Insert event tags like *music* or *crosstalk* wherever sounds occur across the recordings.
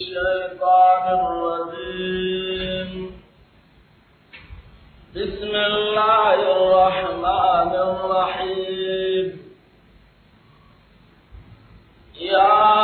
الشيطان الرجيم بسم الله الرحمن الرحيم يا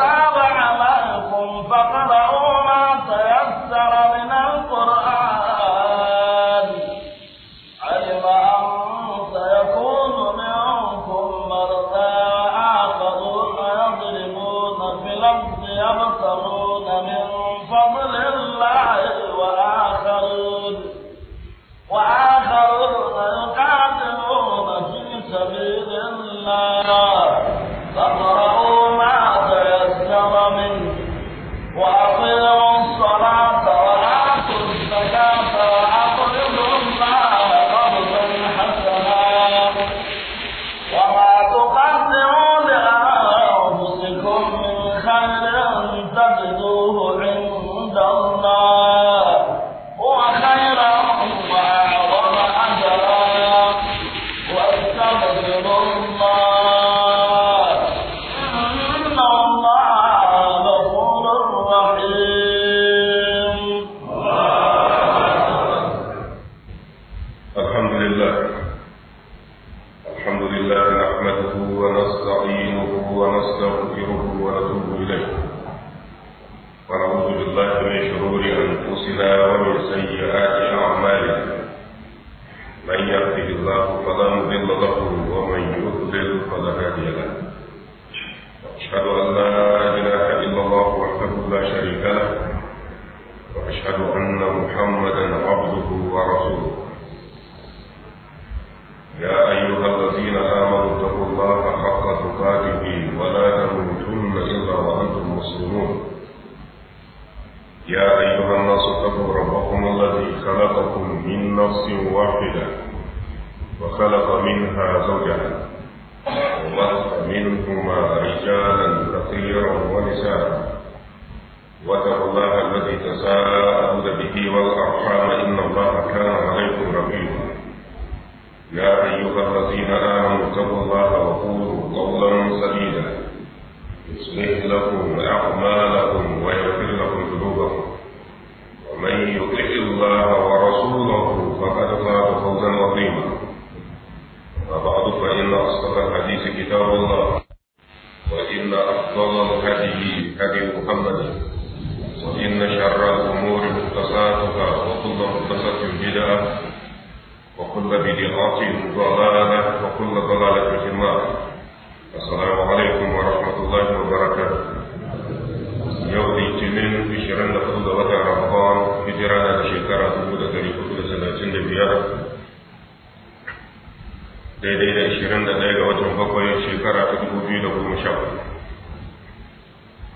تاب عملكم فقرأوا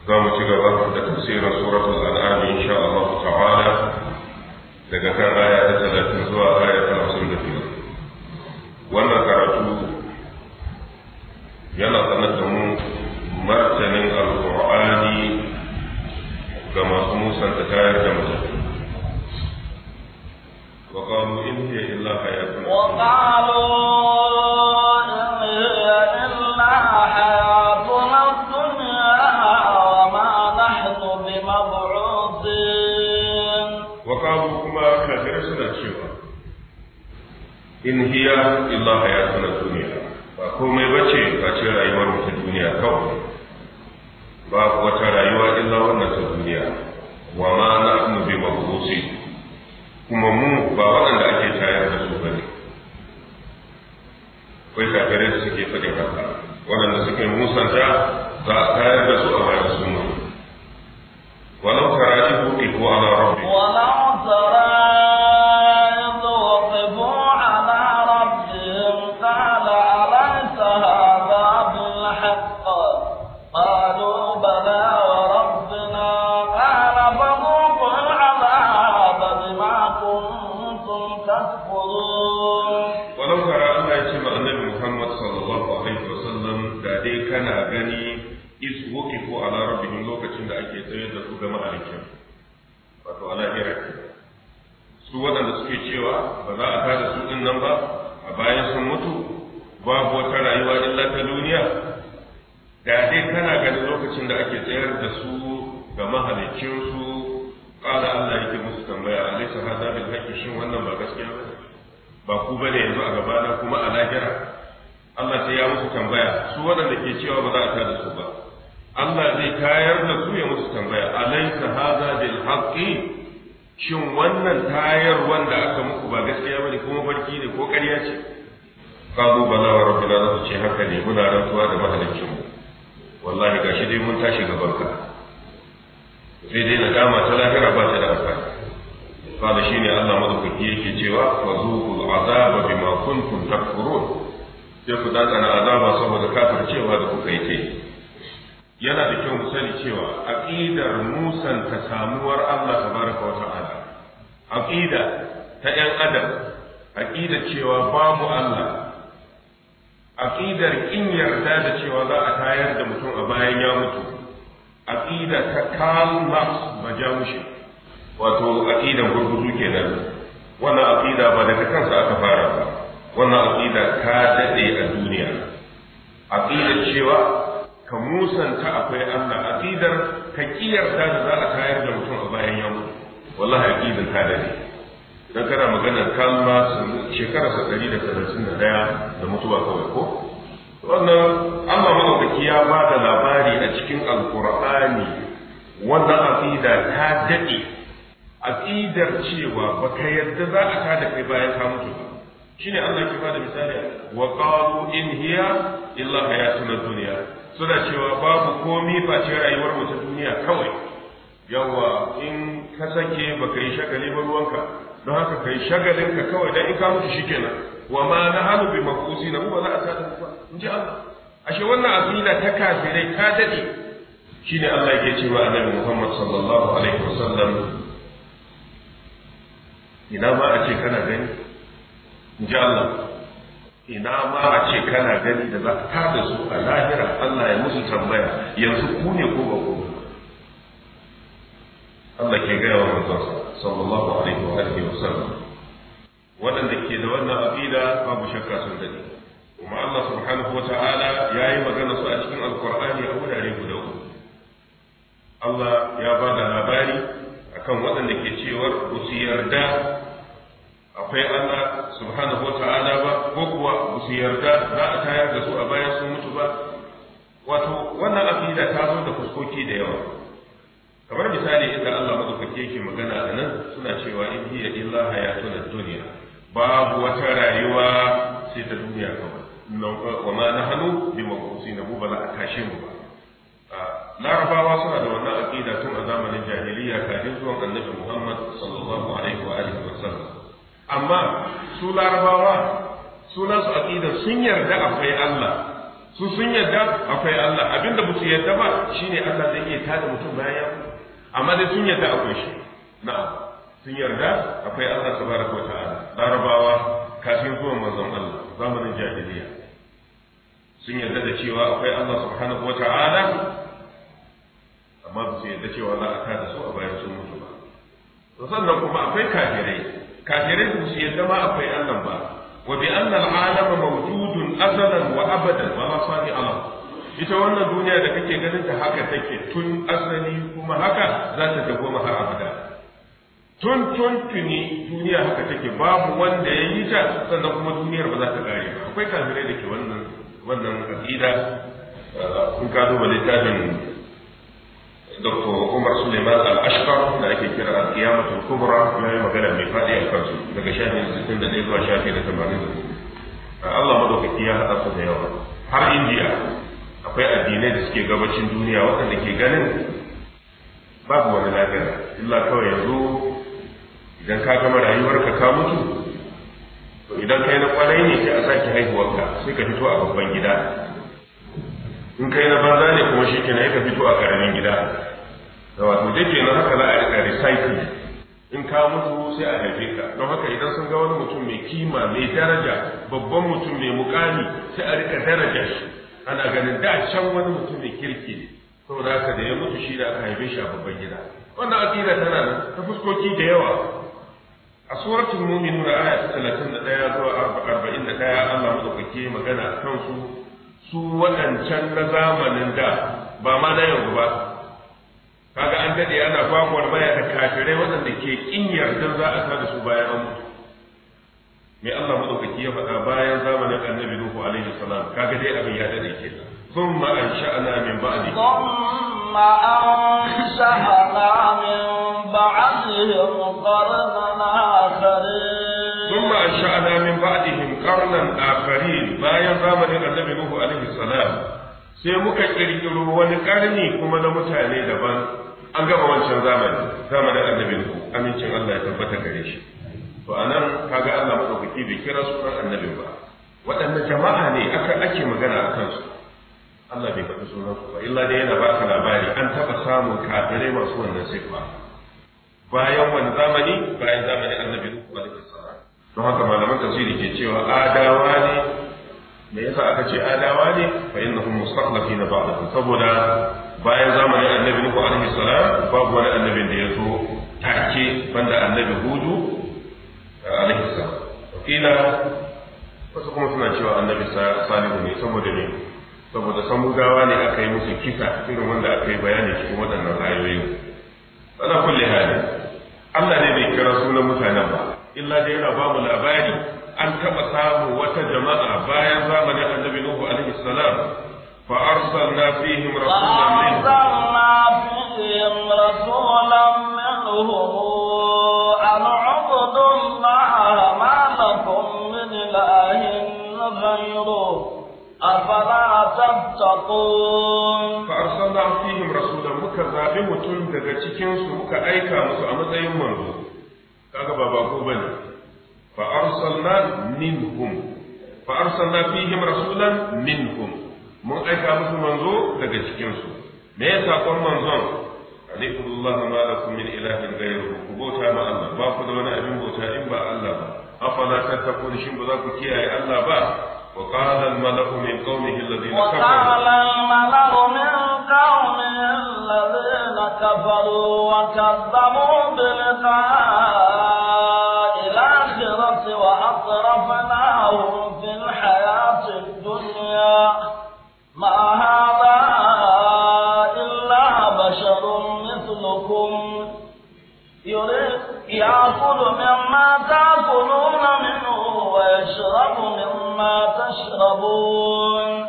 za mu ci gaba da tafsirin suratul an'am insha Allah ta'ala daga kan aya ta 30 zuwa aya ta 55 wannan karatu yana sanar da mu martanin alqur'ani ga masu musanta tayar da mutum وقالوا إن هي إلا حياتنا وقالوا dunya illa hayatul dunya ba komai bace ba ce rayuwar mu ta duniya kawai babu wata rayuwa illa wannan ta duniya wa ma na mu bi mabusi kuma mu ba wanda ake tayar da su bane kai kafirai da suke faɗin haka waɗanda suke musanta za a tayar da su a bayan sunna walau tarajihu ko ala rabb shin wannan ba gaskiya ba ba ku bane yanzu a gaba na kuma a lahira Allah sai ya musu tambaya su waɗanda ke cewa ba za a tada su ba Allah zai tayar da su ya musu tambaya alaysa hadha bil haqqi shin wannan tayar wanda aka muku ba gaskiya bane kuma barki ne ko ƙarya ce kazu bala wa rabbina za ce haka ne muna rantsuwa da mahalicin mu wallahi gashi dai mun tashi gaban ka sai ku dakana azaba saboda kafar cewa da kuka yi kai yana da kyau mu sani cewa aqidar musan ta samuwar Allah tabaraka wa ta'ala aqida ta yan adam aqida cewa babu Allah aqidar kin yarda da cewa za a tayar da mutum a bayan ya mutu aqida ta Karl Max Majamushi. wato aqidan gurgudu kenan wannan aqida ba daga kansa aka fara ba wannan aqida ka dade a duniya aqida cewa ka musanta akwai Allah aqidar ka kiyarta da za a tayar da mutum a bayan yau wallahi aqidar ka dade dan kana magana kalma shekara 131 da mutuwa kawai ko wannan Allah madaukaki ya ba da labari a cikin alqur'ani wannan aqida ta dade aqidar cewa baka yadda za a tada kai bayan ka mutu ba shine Allah ke bada misali wa qalu in hiya illa hayatun dunya suna cewa babu komi face rayuwar mu ta duniya kawai yawa in ka sake baka yi shagali ba ruwanka don haka kai shagalin ka kawai dan in ka mutu shikenan wa ma na'alu bi maqusina na ba za a tada ba in ji Allah ashe wannan aqida ta kafirai ta dade shine Allah yake cewa annabi Muhammad sallallahu alaihi wasallam ina ma a ce kana gani in ji Allah ina ma a ce kana gani da za ka tada su a lahira Allah ya musu tambaya yanzu ku ne ko ba ku Allah ke gaya wa manzon sallallahu alaihi wa alihi wa sallam waɗanda ke da wannan aqida babu shakka sun gani kuma Allah subhanahu wa ta'ala yayi magana su a cikin alqur'ani a wurare guda uku Allah ya ba da labari akan waɗanda ke cewa ku yarda akwai Allah subhanahu wata'ala ba ko kuwa ba su yarda za a tayar da su a bayan sun mutu ba wato wannan aqida ta zo da fuskoki da yawa kamar misali inda Allah madaukake yake magana a nan suna cewa in hiya illa hayatuna dunya babu wata rayuwa sai ta duniya kawai wa ma nahnu bi mabusina mu ba za a tashe mu ba larabawa suna da wannan aqida tun a zamanin jahiliyya kafin zuwan annabi Muhammad sallallahu alaihi wa alihi wa amma su larabawa sunan su aqida sun yarda akwai Allah su sun yarda akwai Allah abinda ba su yarda ba shine Allah zai iya tada mutum bayan amma dai sun yarda akwai shi na'am sun yarda akwai Allah subhanahu wata'ala larabawa kafin zuwan manzon Allah zamanin jahiliya sun yarda da cewa akwai Allah subhanahu wata'ala amma ba su yarda cewa za a tada su a bayan sun mutu ba sannan kuma akwai kafirai kafirai ba su yadda ma akwai Allah ba wa bi anna al-alam mawjudun azalan wa abadan wa ma sa'i alam ita wannan duniya da kake ganin ta haka take tun asali kuma haka za ta ma har abada tun tun tuni duniya haka take babu wanda ya yi ta sannan kuma duniyar ba za ta kare ba akwai kafirai da ke wannan wannan aqida kun kado ba littafin Dr. Umar Suleiman Al-Ashqar da ake kira Al-Qiyamatul Kubra ya yi magana mai fadi a kansu daga shafi 61 zuwa shafi na 80. Allah madaukaki ya haɗa su da yawa. Har Indiya akwai addinai da suke gabacin duniya waɗanda ke ganin babu wani lafiya illa kawai yanzu idan ka gama rayuwarka ka mutu to idan kai na kwarai ne sai a sake haihuwarka sai ka fito a babban gida in kai na banza ne kuma shi kenan ka fito a karamin gida da wato dai kenan haka za a rika recycling in ka mutu sai a haife ka don haka idan sun ga wani mutum mai kima mai daraja babban mutum mai mukami sai a rika daraja shi ana ganin da can wani mutum mai kirki ne saboda haka da ya mutu shi da aka haife shi a babban gida wannan aqida tana nan ta fuskoki da yawa a suratul mu'minun ayat 31 zuwa 41 Allah ke magana kan su su waɗancan na zamanin da ba ma na yanzu ba kaga an dade ana kwakwar baya da kafirai waɗanda ke kin yardar za a sa da su bayan an mutu me Allah madaukaki ya faɗa bayan zamanin annabi Nuhu alaihi salam kaga dai abin ya dade ke ثم أنشأنا من بعده ثم ثم أنشأنا من بعدهم قرنا آخرين بايا زمن النبي نوح عليه السلام sai muka kirkiro wani karni kuma na mutane daban an gaba wancan zamani zamanin annabi nuhu amincin Allah ya tabbata gare shi to anan kaga Allah madaukaki bai kira sunan annabin ba waɗanne jama'a ne aka ake magana a kansu Allah bai faɗi sunan ba illa dai yana ba ka labari an taɓa samun kafirai masu wannan sifa bayan wani zamani bayan zamanin annabi nuhu alaihi don haka malaman tafsiri ke cewa adawa ne me yasa aka ce adawa ne fa innahum na ba'dahum saboda bayan zamanin annabi nuhu alaihi salam babu wani annabin da ya zo take banda annabi hudu eh, alaihi salam kila wasu kuma suna cewa annabi salihu ne saboda ne saboda samudawa ne aka yi musu kisa irin wanda aka yi bayani cikin waɗannan ayoyi ana kulle hali Allah ne bai kira sunan mutanen ba illa da yana babu labari an taɓa samu wata jama'a bayan zamanin annabi Nuhu alaihi salam fa arsalna fihim rasulan minhum arsalna fihim rasulan minhum an ubudu Allah ma lakum min ilahin ghayruhu أفلا تتقون فأرسلنا فيهم رسولا muka zaɓi mutum daga cikinsu muka aika musu a matsayin manzo kaga ba bako bane fa arsalna minhum fa arsalna fihim rasulan minhum mun aika musu manzo daga cikin su me ya sakon manzon ani Allah ma lakum min ilahin ghayruhu ku bauta ma Allah ba ku da wani abin bauta in ba Allah ba afala tattaqun shin ba za ku kiyaye Allah ba وقال الملأ من قومه الذين كفروا وقال الملأ من قومه الذين كفروا وكذبوا بلقاء الآخرة وأطرفناهم في الحياة الدنيا ما هذا إلا بشر مثلكم يريد يأكل مما تأكلون منه ويشرب مما تشربون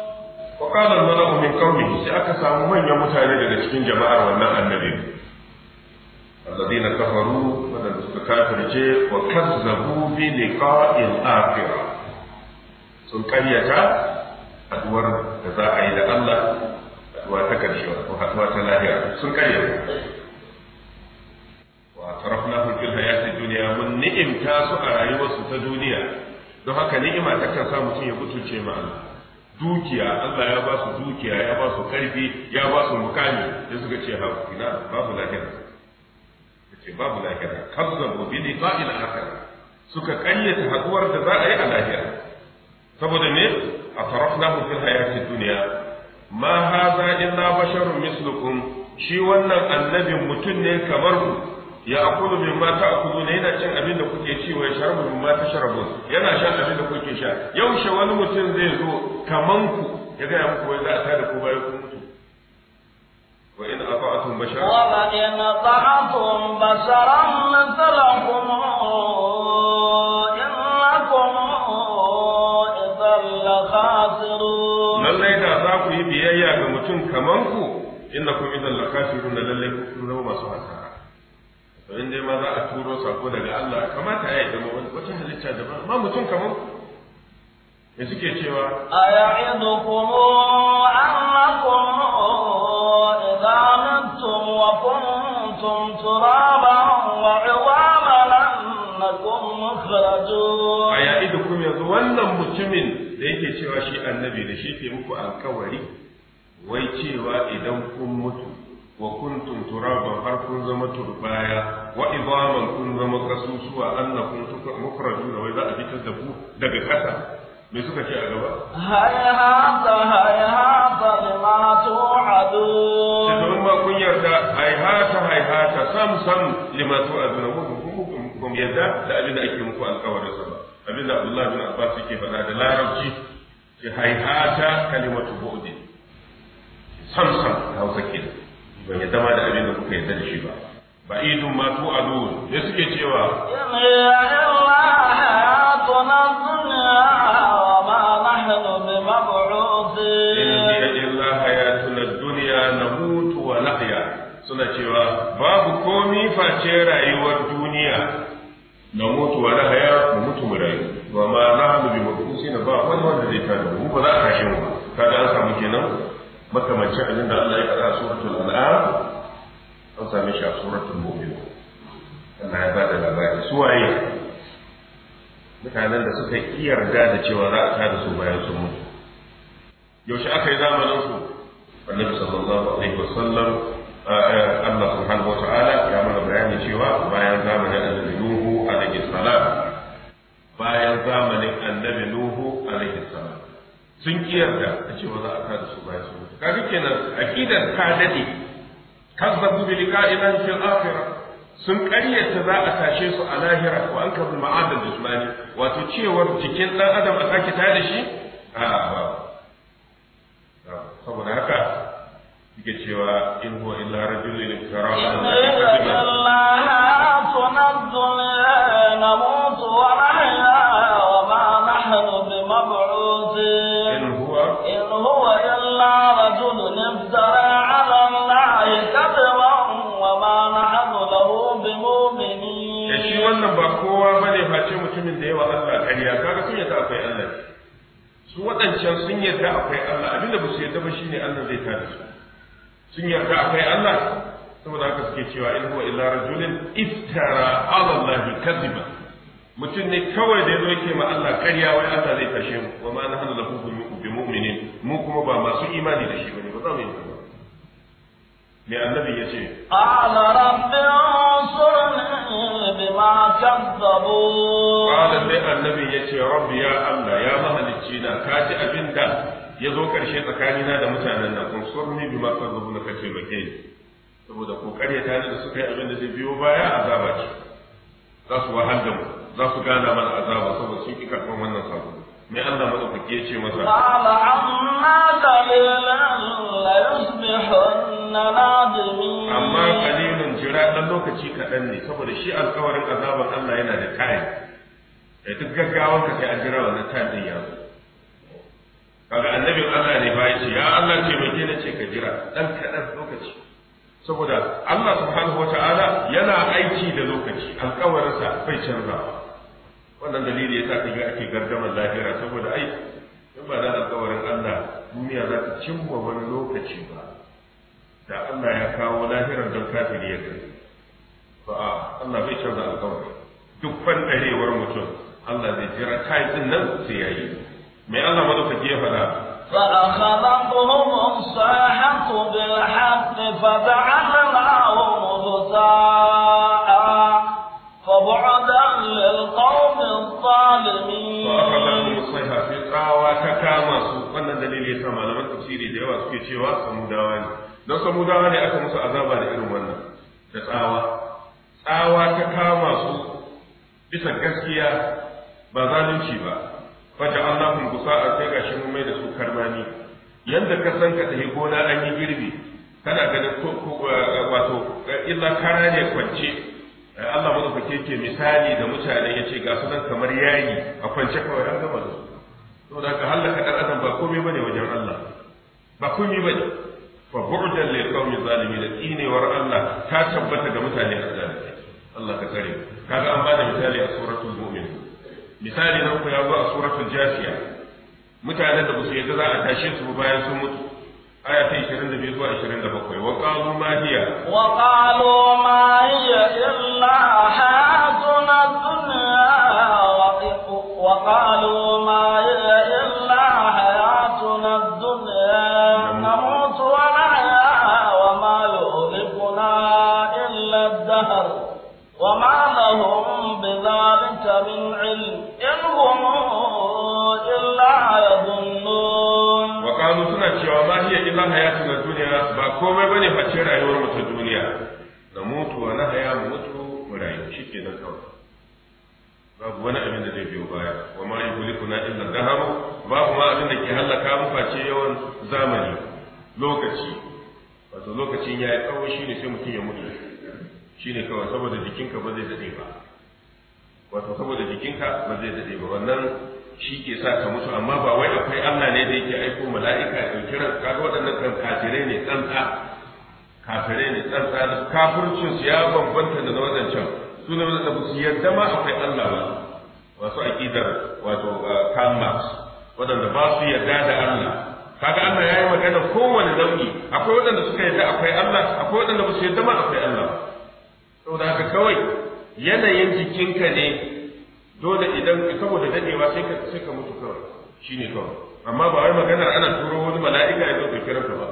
wa qala al-mala'u min qawmihi sai aka samu manyan mutane daga cikin jama'ar wannan annabi alladhina kafaru wa da suka kafirce wa kazzabu bi liqa'il akhirah sun karyata haduwar da za a yi da Allah haduwa ta karshe wato haduwa ta lahira sun karyata wa tarafnahu fil hayati dunya mun ni'imta su a rayuwarsu ta duniya don haka ni'ima ta kan sa mutum ya mutunce ma Allah dukiya Allah ya ba su dukiya ya ba su karfi ya ba su mukami da suka ce ha ina babu lahira ce babu lahira kazzabu bi liqa'il akhir suka kayyata haduwar da za a yi a lahira saboda me atrafnahu fil hayati dunya ma hadha illa basharun mislukum shi wannan annabin mutum ne kamar mu. ya akulu min ma ta'kulu ne yana cin abin da kuke ci wa sharabu min ma tasharabu yana shan abin da kuke sha yaushe wani mutum zai zo kaman ku ya ga muku wai za a tada ku bayan kun mutu wa in ata'atum bashara wa in ata'atum basharan tarakum innakum khasirun da za ku yi biyayya ga mutum kaman ku innakum idan la khasirun lalle ku zama masu hasara to in dai ma za a turo sako daga Allah kamata ya yi zama wata halitta da amma mutum kamar me suke cewa a ya'idukum annakum idza mittum wa kuntum wa a yanzu wannan mutumin da yake cewa shi annabi da shi ke muku alkawari wai cewa idan kun mutu wa kuntum turaba har kun zama turbaya wa idaman kun zama kasusuwa annakum mukhrajuna wai za a daga kasa me suka ce a gaba hayhata hayhata lima tu'adu Da ma kun yarda hayhata hayhata sam sam lima tu'aduna kun yarda da abin da ake muku alƙawarin sa ba abin da Abdullah bin Abbas yake faɗa da larabci ce hayhata kalimatu bude. sam sam hausa kenan ban yadda zama da abin da kuka yadda da shi ba ba'idun ma tu adun da suke cewa suna cewa babu komi face rayuwar duniya na mutu wa haya mu mutu mu rayu wa ma hannu bi mabusi na ba wani wanda zai tada mu ba za a kashe mu kada an samu kenan makamancin abin da Allah ya faɗa suratul an'am an same shi a suratul mu'minun Allah ya bada labari su waye mutanen da suka yarda da cewa za a tada su bayan sun mutu yaushe aka yi zamanin su annabi sallallahu alaihi wasallam Allah subhanahu wata'ala ya mana bayani cewa bayan zamanin annabi Nuhu alaihi salam bayan zamanin annabi Nuhu alaihi salam sun kiyarda da cewa za a tada su bayan sun kaji kenan aqidar ta dade kazzabu bi liqa'ina fil akhirah sun karyata za a tashe su a lahira wa an kabu ma'adar jimani wato cewar jikin dan adam a sake da shi a ba saboda haka yake cewa in huwa illa rajulun iftara Allah sunan dunya cewa sun yarda akwai Allah abin da ba su yarda ba shi ne Allah zai tare su sun yarda akwai Allah saboda haka suke cewa in huwa illa rajulin iftara ala Allah kadhiba mutum ne kawai da yazo yake ma Allah ƙarya wai Allah zai tashe mu wa ma nahnu lahu bi mu'minin mu kuma ba masu imani da shi bane ba za mu yi ba me annabi yace qala rabbi ansurni بما كذبوا قال سي النبي يتي رب يا الله يا مهلكينا kaji كاجي يزو كرشي yazo karshe tsakanina da mutanen بما كذبوا surni bi na kace make ni saboda kokari ta da suka yi abin da zai biyo baya azaba ce za su wahal da mu za su gana mana azaba saboda sun ki karɓar wannan sabo mai ce masa amma la amma akan jira ɗan lokaci kaɗan ne saboda shi alkawarin azaban Allah yana da kayan da duk gaggawar ka kai an jira wannan time ya zo kaga annabin Allah ne bai ce ya Allah ce mai na ce ka jira ɗan kaɗan lokaci saboda Allah subhanahu wata'ala yana aiki da lokaci alkawarinsa bai canza wannan dalili yasa ga ake gardamar lahira saboda ai in ba da alkawarin Allah duniya za ta cimma wani lokaci ba da Allah ya kawo lahirar don kafiri ya kai ba a Allah bai canza alƙawari duk fandarewar mutum Allah zai jira kai din nan sai yi. mai Allah madaukaki ya faɗa فأخذتهم الصاحة بالحق فجعلناهم غثاء فبعدا للقوم الظالمين فأخذتهم الصيحة في قاوة كاما سوء wannan dalili ya sa malaman tafsiri da yawa suke cewa samudawa ne don samudawa ne aka musu azaba da irin wannan da tsawa tsawa ta kama su bisa gaskiya ba zalunci ba fata Allahun gusa'a sai gashi mun mai da su karmani yanda ka san ka tafi gona an yi girbi kana ganin eh, wato eh, illa kara ne kwance eh, Allah madaukake ke misali da mutane ya ce ga su nan kamar yayi a kwance kawai an gama da su saboda ka halaka dan adam ba komai bane wajen Allah ba komai bane fa bu'dan lil qawmi zalimin da tsinewar Allah ta tabbata ga mutane azzalimi Allah ka kare kaga an bada misali a suratul mu'min misali na ku ya zo a suratul jafiya mutanen da ba su yadda za a tashe su bayan sun mutu aya ta 22 zuwa 27 wa qalu wa qalu ma hiya illa hayatuna illa وما لهم بذلك من علم إن هم إلا يظنون وقالوا سنة شوى ما هي إلا حياتنا الدنيا ما بني فتشير أي ورمت الدنيا نموت ونحيا نموت ونحيا شكي نكوى babu wani abin da zai biyo baya wa ma yuhlikuna illa dahar babu ma abin da ke halaka mu face yawan zamani lokaci wato lokacin ya yi tsawo shine sai mutum ya mutu shine kawai saboda jikinka ba zai dade ba wato saboda jikinka ba zai dade ba wannan shi ke sa ka mutu amma ba wai akwai Allah ne da yake aiko mala'ika ya ɗauki ran kaga waɗannan kan kafirai ne tsantsa kafirai ne tsantsa kafircin su ya bambanta da na wadancan su ne wanda su yarda ma akwai Allah ba wasu aƙidar wato uh, Karl waɗanda ba su yarda da Allah kaga Allah ya yi magana kowane nau'i akwai waɗanda suka yarda akwai Allah akwai waɗanda ba su yarda ma akwai Allah ba saboda haka kawai yanayin jikinka ne dole idan saboda dadewa sai ka sai ka mutu kawai shine kawai amma ba wai maganar ana turo wani mala'ika ya zo ka kira ka ba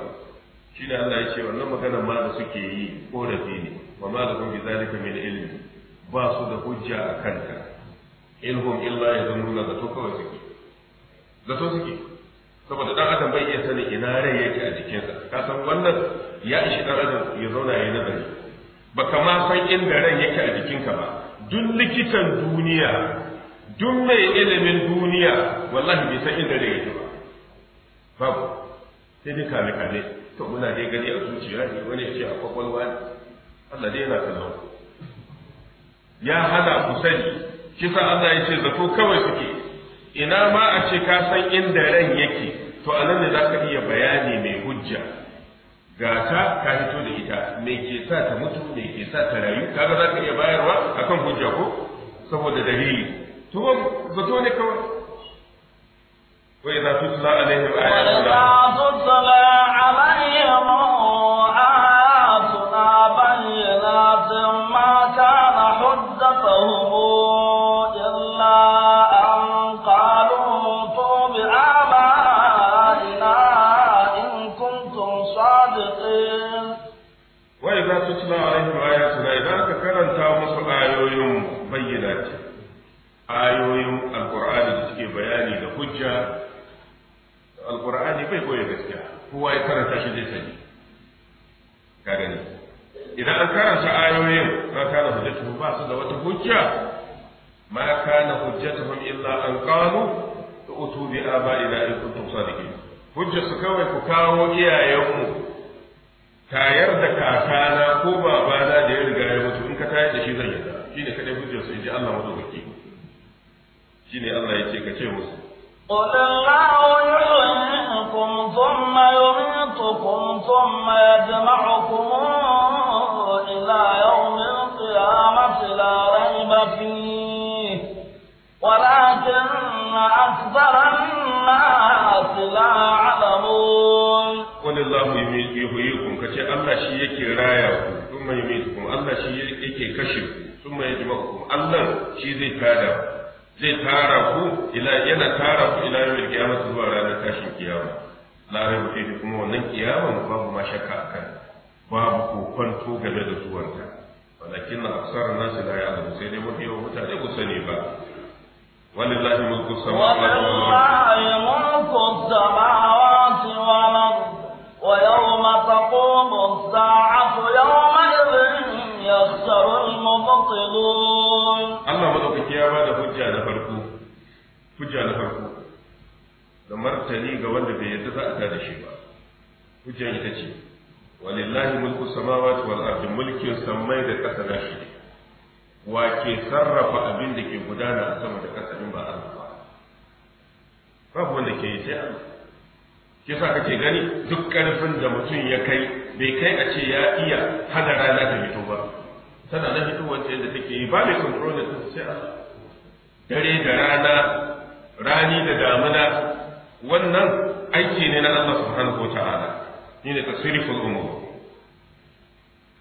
shine Allah ya ce wannan maganar ma da suke yi korafi ne wa ma lakum bi zalika min ilmi ba su da hujja a kanka ilhum illa illa da to kawai suke to suke saboda dan adam bai iya sanin ina rai yake a jikinsa ka san wannan ya ishi dan adam ya zauna yayi nazari baka ma san inda ran yake a jikinka ba duk likitan duniya duk mai ilimin duniya wallahi bai san inda ran yake ba babu sai dai kale kale to muna dai gani a zuciya ne wani ya ce a kwakwalwa ne Allah dai yana kallon ku ya hada ku sani kisa Allah ya ce zato kawai suke ina ma a ce ka san inda ran yake to nan ne za ka iya bayani mai hujja gasa ka hito da ita me ke sa ta mutu me ke sa ta rayu kaga za ka iya bayarwa akan hujja ko saboda dalili to zato ne kawai wa idza tutla alaihi wa idza koya gaskiya kowa ya karanta shi zai sani ka gani idan an karanta ayoyin ma kana hujjatu ba su da wata hujja ma kana hum illa an qalu utu bi aba'ina in kuntum sadiqin hujja su kawai ku kawo iyayenmu tayar da kakana ko babana da ya riga ya mutu in ka tayar da shi zan yarda shine kadai hujjar su inji Allah madaukaki shine Allah ya ce ka ce musu qul Allahu yuhyi يحييكم ثم يميتكم ثم يجمعكم إلى يوم القيامة لا ريب فيه ولكن أكثر الناس لا يعلمون قل الله يحييكم كشيء الله شيء يكي رايكم ثم يميتكم الله شيء يكي كشف ثم يجمعكم الله شيء ذي zai tara ku ila yana tara ku ila yau kiyama zuwa ranar tashin kiyama la raiba fi kuma wannan kiyama babu ma shakka akan babu kokonto game da zuwanta walakin na aksar nasu la ya'lamu sai dai mafi yawan mutane ku sani ba ولله ملك السماوات والأرض ويوم تقوم الساعة يوم aktsarul mubtilun Allah madaukaki ya bada hujja na farko da martani ga wanda bai yarda za a tada shi ba hujja ita ce walillahi mulku samawati wal ardi mulkin samai da ƙasa wa ke sarrafa abin da ke gudana sama da ba Allah babu wanda ke yi sai sa kake gani duk ƙarfin da mutum ya kai bai kai a ce ya iya hada rana ta fito ba tana na fitowar ta yadda take yi ba mai control da ta sai dare da rana rani da damuna wannan aiki ne na Allah subhanahu wataala ni ne tasriful umur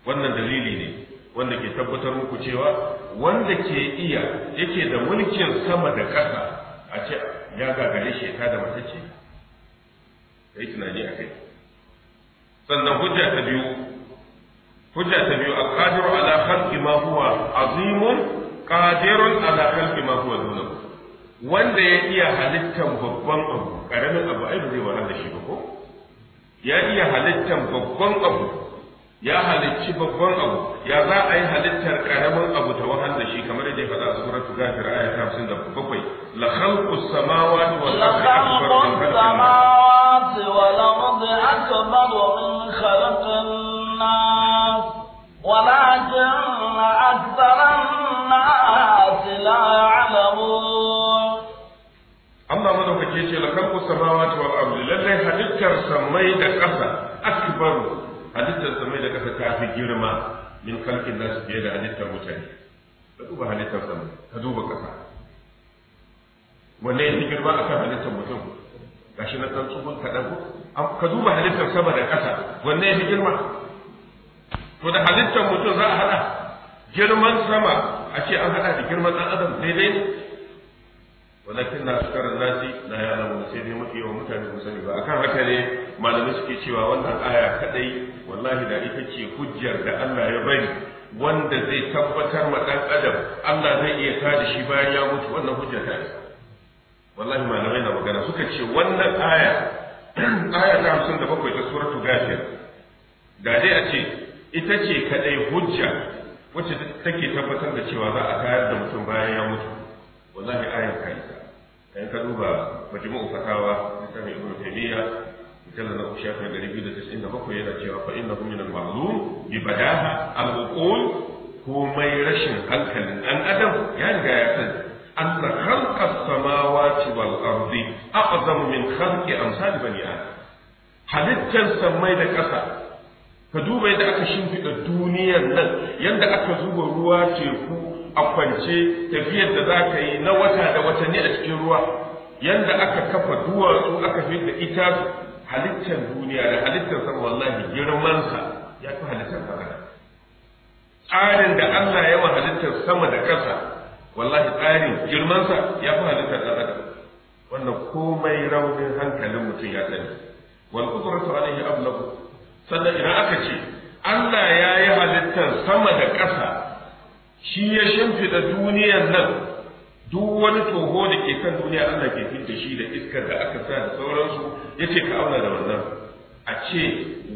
wannan dalili ne wanda ke tabbatar muku cewa wanda ke iya yake da mulkin sama da ƙasa a ce ya gagare shi ta da mace ce kai tunani a kai sannan hujja ta biyu hujja ta biyu al-qadiru ala khalqi ma huwa azimun qadirun ala khalqi ma wanda ya iya halittan babban abu abu ai ba zai da shi ba ko ya iya halittan babban abu ya halicci babban abu ya za a yi halittar ƙaramin abu ta wahal da shi kamar yadda ya faɗa a suratul ghafir aya 57 la khalqus samawati wal ardi akbar min khalqil samawati wal ardi akbar min الناس ولكن أكثر الناس لا يعلمون Allah madaukake ce la kalku samawati wal ardi lallai halittar samai da ƙasa akbaru halittar samai da ƙasa ta fi girma min kalkin fiye da halittar mutane ka duba halittar samai ka duba ƙasa wanne ya fi girma akan halittar mutum shi na ɗan tsohon kaɗan ka duba halittar sama da ƙasa wanne ya girma to da halittar mutum za a hada girman sama a ce an hada da girman dan adam daidai ne walakin na sukarar nasi na ya alamu sai dai mafi yawan mutane ba sani ba akan haka ne malamai suke cewa wannan aya kadai wallahi da ita ce hujjar da Allah ya bari wanda zai tabbatar ma dan adam Allah zai iya tada shi bayan ya mutu wannan hujja ta ne wallahi malamai na magana suka ce wannan aya *clears throat* aya ta 57 ta suratul ghafir da dai a ce ita ce kadai hujja wacce take tabbatar da cewa za a tayar da mutum bayan ya mutu wallahi ayan ka isa kai ka duba majmu'u fatawa ta mai ibnu taymiya mujallal na shafi ɗari biyu da tasa'in da bakwai yana cewa fa inna hum min al-ma'lum bi badaha al-uqul komai rashin hankalin dan adam ya riga ya san anna khalqa as-samawati wal ardi aqdam min khalqi amsal bani adam halittar samai da ƙasa ka duba yadda aka shimfiɗa duniyar nan yadda aka zuba ruwa teku a kwance tafiyar da za ka yi na wata da watanni a cikin ruwa yadda aka kafa duwatsu aka fi da ita halittar duniya da halittar sa wallahi girmansa ya fi halittar sama tsarin da Allah ya halittar sama da ƙasa wallahi tsarin girmansa ya fi halittar da wannan komai raunin hankalin mutum ya sani wal qudratu alayhi ablagu sannan idan aka ce Allah ya yi halittar sama da ƙasa shi ya shimfida duniyar nan duk wani toho da ke kan duniya Allah ke da shi da iskar da aka sa da sauransu ya ce ka auna da wannan a ce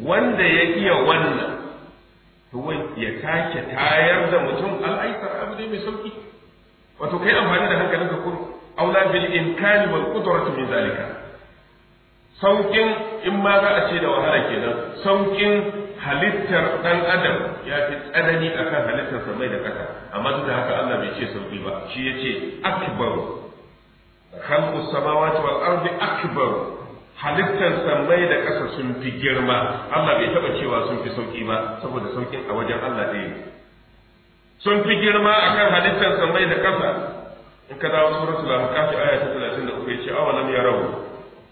wanda ya iya wannan wai ya take tayar da mutum al'aikar abu ne mai sauki wato kai amfani da hankalinka kuma aula bil imkani wal qudrati min zalika saukin in ma za a ce da wahala kenan saukin halittar dan adam ya fi tsanani akan halittar samai da ƙasa amma duk da haka Allah bai ce sauki ba shi ya ce akbar khalqus samawati wal ardi akbar halittar samai da ƙasa sun fi girma Allah bai taba cewa sun fi sauki ba saboda saukin a wajen Allah yi. sun fi girma akan halittar samai da ƙasa in ka dawo suratul ahqaf aya ta 33 ce awalam yarau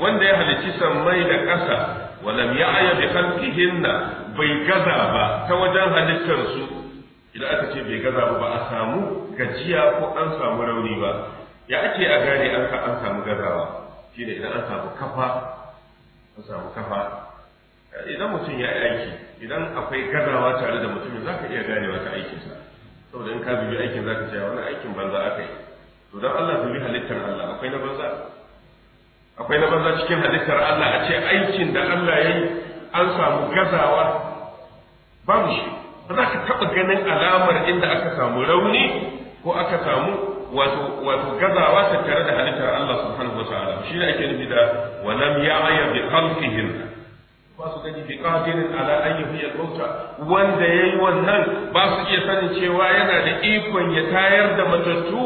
wanda ya halicci sammai da ƙasa walam ya'ya bi khalqihinna bai gaza ba ta wajen halittar su idan aka ce bai gaza ba ba a samu gajiya ko an samu rauni ba ya ake a gane an an samu gazawa shine idan an samu kafa an samu kafa idan mutum ya aiki idan akwai gazawa tare da mutumin za ka iya wata aikin aikinsa saboda in ka bibi aikin za ka ce wani aikin banza aka yi to dan Allah bi halittar Allah akwai na banza akwai na banza cikin halittar Allah a ce aikin da Allah ya yi an samu gazawa babu shi ba za ka taɓa ganin alamar inda aka samu rauni ko aka samu wato wato gazawa ta tare da halittar Allah subhanahu wataala shi ne ake nufi da wa lam ya'ya bi khalqihim ba su gani bi qadirin ala an yuhyiya al-mauta wanda yayi wannan ba su iya sanin cewa yana da ikon ya tayar da matattu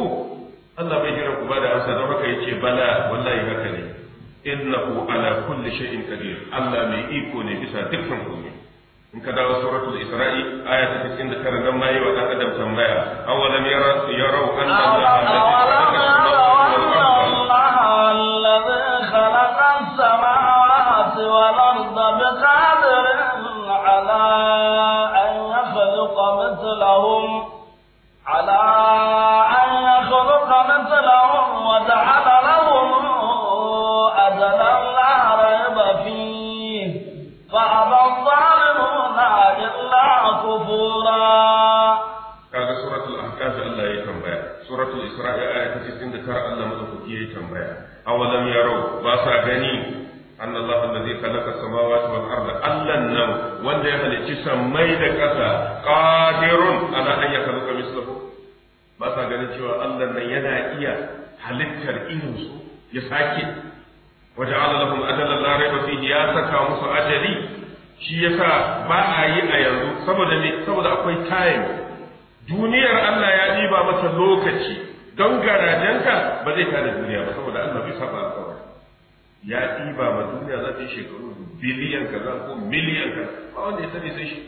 Allah bai jira ku ba da amsa don haka yace bala wallahi haka ne innahu ala kulli shay'in qadir Allah mai iko ne bisa dukkan komai in ka dawo suratul isra'i aya ta 99 nan ma yi wa dan adam tambaya awalam yara yarau anna Allah alladhi khalaqa as an sa gani an Allah allazi khalaqa samawati wal arda allan nan wanda ya halicci sammai da ƙasa qadirun ala an yakhluqa mislahu ba sa ganin cewa Allah nan yana iya halittar irin su ya sake ja'ala lahum ajalan la rayba fihi ya saka musu ajali shi yasa ba a yi a yanzu saboda ne saboda akwai time duniyar Allah ya diba mata lokaci don garajenka ba zai tada duniya ba saboda Allah bai saba alƙawari ya ɗiba ba duniya za ta yi shekaru biliyan kaza ko miliyan kaza ba wanda ya sani sai shi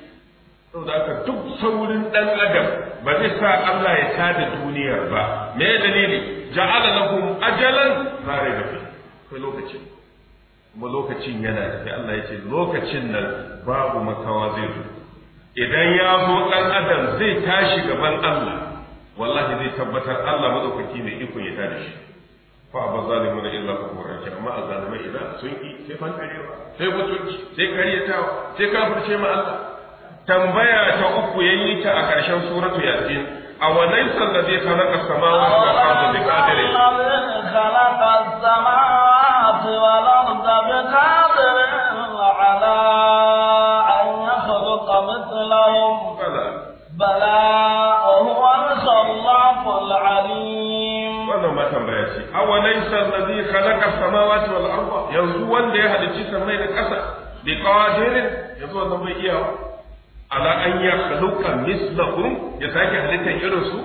saboda haka duk saurin ɗan adam ba zai sa Allah ya tada duniyar ba me dalili ja'ala lahum ajalan la da fi kai lokaci kuma lokacin yana da sai Allah ya ce lokacin nan babu makawa zai zo idan ya zo ɗan adam zai tashi gaban Allah wallahi zai tabbatar Allah madaukaki ne iko ya tada shi fa ba zalimuna illa kufura ce amma azalimai idan sun yi sai fankarewa sai mutunci sai karyatawa sai kafirce ma Allah tambaya ta uku yayi ta a ƙarshen suratu yasin أوليس الذي خلق السماوات والأرض بقادر خلق السماوات tambaya ce laysa allazi khalaqa samawati wal arda yanzu wanda ya halicci samai da ƙasa bi qadirin yanzu wanda bai iya ala an ya khalaqa mislahum ya sake halitta irin su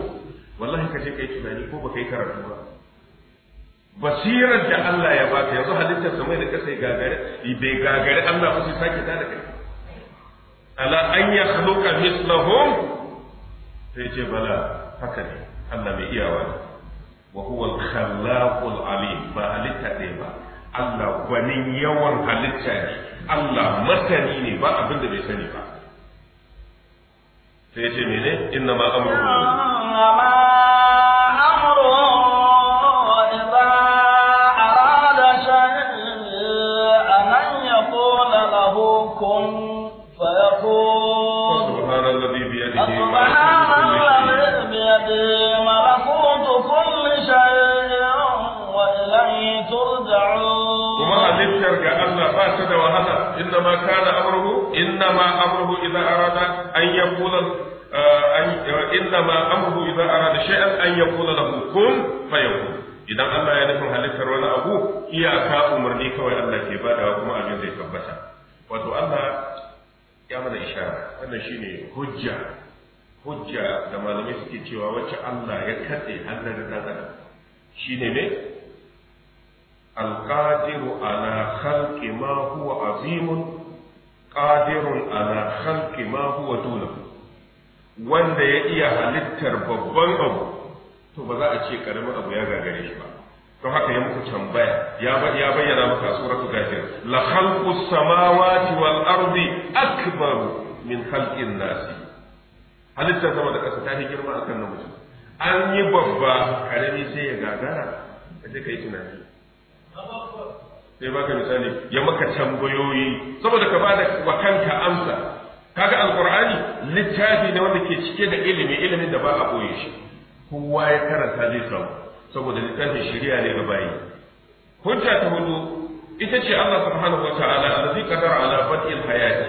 wallahi kaje kai tunani ko ba yi karatu ba basirar da Allah ya baka yanzu halittar samai da ƙasa ya gagare bai gagare Allah ba sai sake da kai ala an ya khalaqa mislahum sai ce bala haka ne Allah mai iyawa ne wa huwa al alim ba halitta ɗaya ba Allah gwanin yawan halitta ne Allah masani ne ba abin da bai sani ba sai ya ce mene inna ma amruhu inna ma kana amruhu inna ma amruhu idza inna ma amruhu idza arada shay'an an yaqula idan Allah ya nufin halittar wani abu iyaka umarni kawai Allah ke badawa kuma abin zai tabbata wato Allah ya mana ishara wannan shine hujja hujja da malamai suke cewa wacce Allah ya katse hannar dan adam shine ne القادر على خلق ما هو عظيم قادر على خلق ما هو دونه wanda ya iya halittar babban abu to ba za a ce karamin abu ya gagare shi ba to haka ya muku tambaya ya bayyana maka a suratu gafir la khalqu samawati wal ardi akbar min khalqin nasi halittar sama da ƙasa ta fi girma akan namiji an yi babba karami sai ya gagara sai kai tunani sai baka misali ya maka tambayoyi saboda ka bada wa kanka amsa kaga alqur'ani littafi ne wanda ke cike da ilimi ilimin da ba a boye shi kowa ya karanta zai samu saboda littafin shari'a ne ga bayi hujja ta hudu ita ce Allah subhanahu wa ta'ala alladhi qadara ala bad'il hayati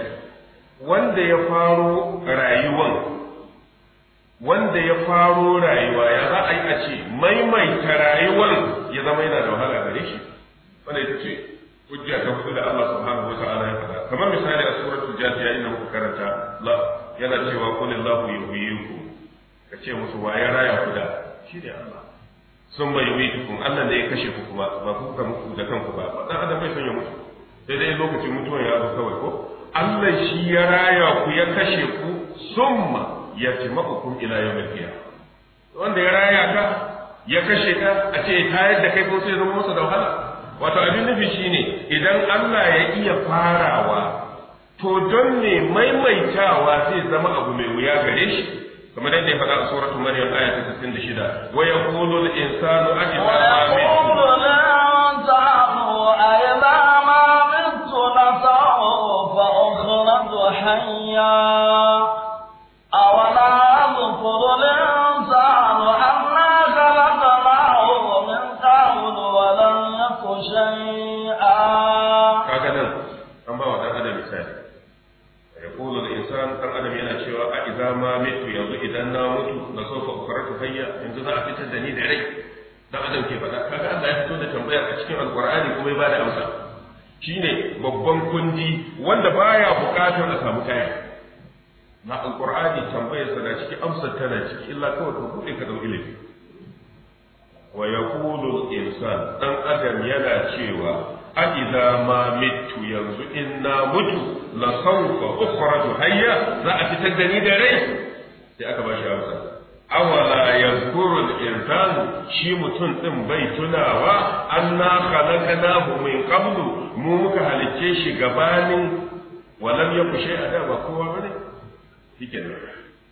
wanda ya faro rayuwan wanda ya faro rayuwa ya za a yi a ce maimaita rayuwar ya zama yana da wahala gare shi wanda ita ce hujja ta kudu da Allah subhanahu wa ta'ala ya faɗa kamar misali a suratul jafiya ina muku karanta la yana cewa qul illahu yuhyiku ka ce musu wa ya raya ku da shi ne Allah sun bai yuhyikum Allah ne ya kashe ku kuma ba ku ka mutu da kanku ba dan adam bai son ya mutu sai dai lokacin mutuwa ya zo kawai ko Allah shi ya raya ku ya kashe ku summa ya ce yatma'ukum ila yau da qiyamah wanda ya raya ka ya kashe ka a ce tayar da kai ko sai zama masa da wahala wato abin nufi shine idan Allah ya iya farawa to don ne maimaitawa zai zama abu mai wuya gare shi kamar yadda ya faɗa a suratul maryam aya ta 66 wa yaqulu al-insanu ajma أولا أذكر adam yana cewa a iza ma mitu yanzu idan na mutu so fa ukaratu hayya yanzu za a fitar da ni da rai dan adam ke faɗa kaga Allah ya fito da tambayar a cikin alqur'ani kuma ya bada amsa shine babban kundi wanda baya bukatar a samu kaya na alqur'ani tambayar sa da ciki amsa tana ciki illa kawai ka bude ka dauki ilimi wa yaqulu al-insan dan adam yana cewa أإذا ما مت ينزو إنا مت لسوف أخرج هيا لا أتتدني دري sai aka ba shi amsa awala yadhkuru al-insan shi mutum ɗin bai tunawa an na anna khalaqnahu min qablu mu muka halicce shi gabanin walam yaku shay'a da ba kowa bane shikenan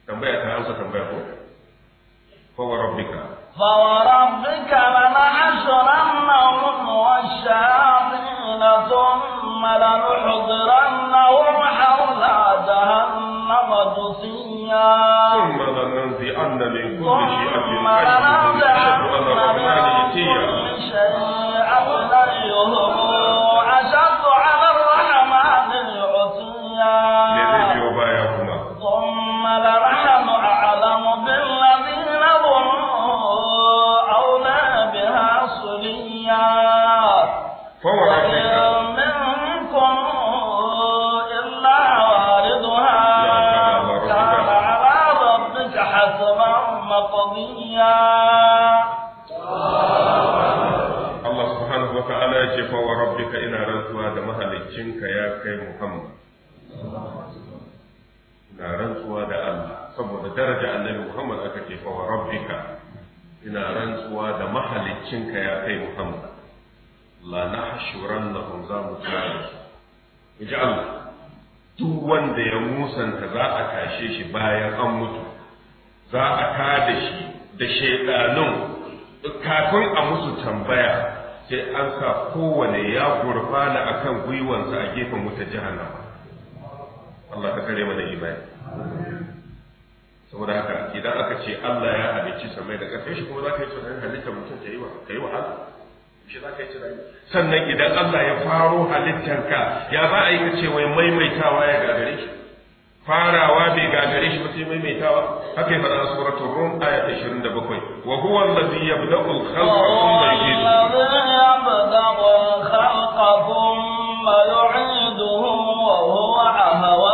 tambaya ta amsa tambaya ko fa rabbika فوربك لنحشرنهم والشياطين ثم لنحضرنهم حول جهنم جثيا ثم لننزعن من كل شيء ثم لننزعن من ka ya kai Muhammad la nahshurannahum za mu ji Allah duk wanda ya musanta za a tashe shi bayan an mutu za a kada shi da shaidanun kafin a musu tambaya sai an sa kowane ya gurfana akan gwiwansa a gefen wuta jahannama Allah ka kare mana imani saboda haka idan aka ce Allah ya halicci samai da ƙasa shi kuma za ka yi tunanin halittar mutum ta yi wa ka yi wa shi za ka yi tunani sannan idan Allah ya faro halittanka ya za a yi ka ce wai maimaitawa ya gagare shi farawa bai gagare shi ba sai maimaitawa haka ya faɗa suratul rum aya 27 wa huwa allazi yabda'u al-khalqa thumma yu'iduhu yabda'u al-khalqa thumma yu'iduhu wa huwa ahwa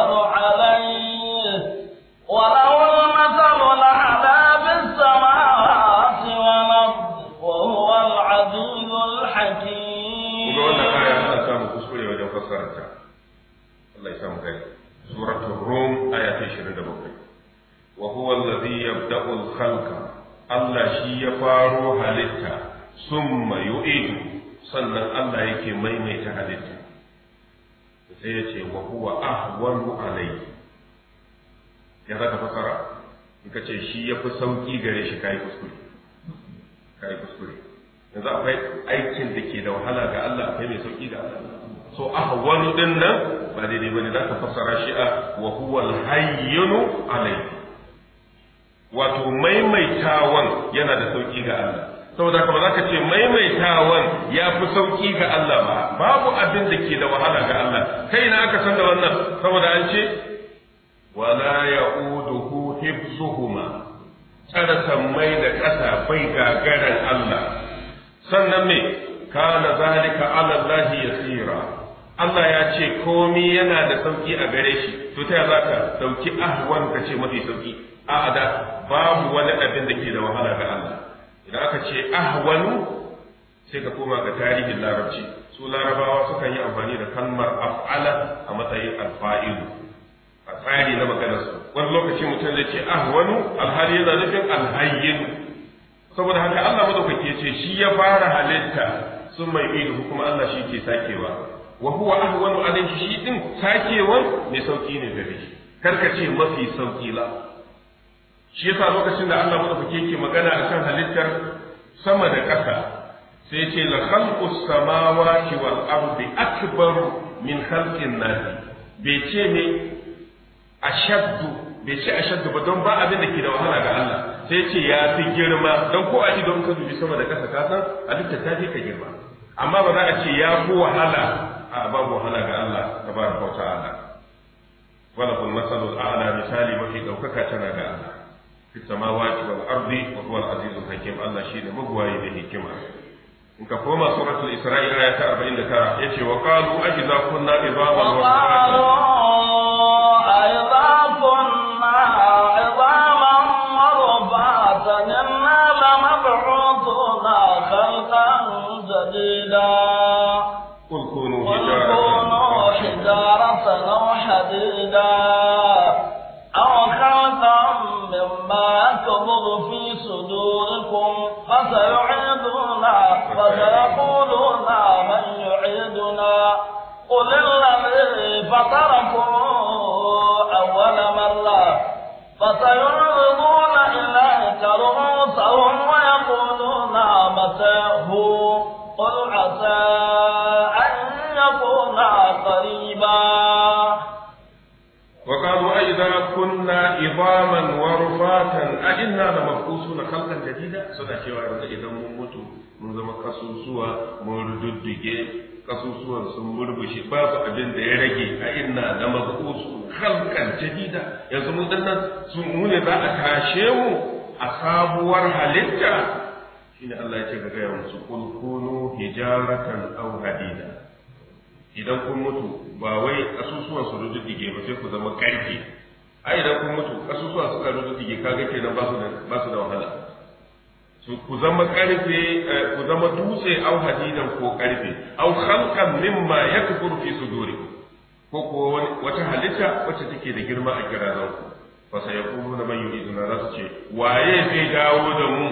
wa huwa alladhi yabda'u al-khalqa Allah shi ya faro halitta summa yu'idu sannan Allah yake maimaita halitta sai ya ce wa huwa ahwanu alayhi ya zaka fasara in ka ce shi ya fi sauki gare shi kai kuskure kai kuskure yanzu akwai aikin da ke da wahala ga Allah akwai mai sauki ga Allah so ahwanu din nan ba daidai bane zaka fasara shi a wa huwa al-hayyinu alayhi wato maimaitawan yana da sauƙi ga Allah saboda kuma zaka ka ce maimaitawan ya fi sauki ga Allah ba babu abin da ke da wahala ga Allah kai na aka san da wannan saboda an ce wala ya'uduhu hifzuhuma tsara mai da ƙasa bai gagaran Allah sannan me kana zalika ala Allah yasira Allah ya ce komi yana da sauki a gare shi to ta za ka dauki ahwan ka ce mafi sauƙi. a da babu wani abin da ke da wahala ga Allah idan aka ce ahwalu sai ka koma ga tarihin larabci su larabawa sukan yi amfani da kalmar af'ala a matsayin alfa'ilu a tsari na maganarsu wani lokaci mutum zai ce ahwalu alhali yana nufin alhayyin saboda haka Allah madaukake ce shi ya fara halitta sun mai ilu kuma Allah shi ke sakewa wa huwa ahwalu alayhi shi din sakewan mai sauki ne gare shi karkace ce mafi sauki la shi yasa lokacin da Allah madaukake yake magana akan halittar sama da ƙasa sai ce la khalqu samawati wal ardi akbar min khalqin nasi bai ce ne ashaddu bai ce ashaddu ba don ba abin da ke da wahala ga Allah sai ce ya fi girma don ko a don ka dubi sama da ƙasa ka san ta fi ka girma amma ba za a ce ya fi wahala a babu wahala ga Allah tabaraka wa ta'ala wala kun masalul a'la misali mafi daukaka tana ga Allah fi samawati wal ardi wa huwa al azizul hakim Allah shine magwayi da hikima in ka koma suratul isra'i aya ta 49 yace wa qalu ajza kunna ibaban wa qalu ajza kunna ibaban marfatan inna lamab'uthuna فسيعيدنا فسيقولون من يعيدنا قل الذي فطركم أول مرة فسيعرضون إليك رؤوسهم ويقولون متى قل عسى أن يكون قريبا وقالوا أئذا كنا عظاما ورفاتا أئنا لمبعوثون خلقا جديدا suna cewa da idan mun mutu mun zama kasusuwa mun rududdige kasusuwan sun murmushe babu abin da ya rage a inna da mabusu halkan jadida yanzu mu dinnan sun mu za a tashe mu a sabuwar halitta shine Allah ya ce ga gaya musu kul kunu hijaratan aw idan kun mutu ba wai asusuwan su rududdige ba sai ku zama karfi ai idan kun mutu kasusuwa suka rududdige kaga kenan ba su da ba su da wahala su ku zama karfe eh, ku zama dutse au hadidan ko karfe au khalqan mimma yakburu fi suduri ko ko wata halitta wacce take da girma a kirazan ku fa sayaquluna man yuriduna za su ce waye zai dawo da mu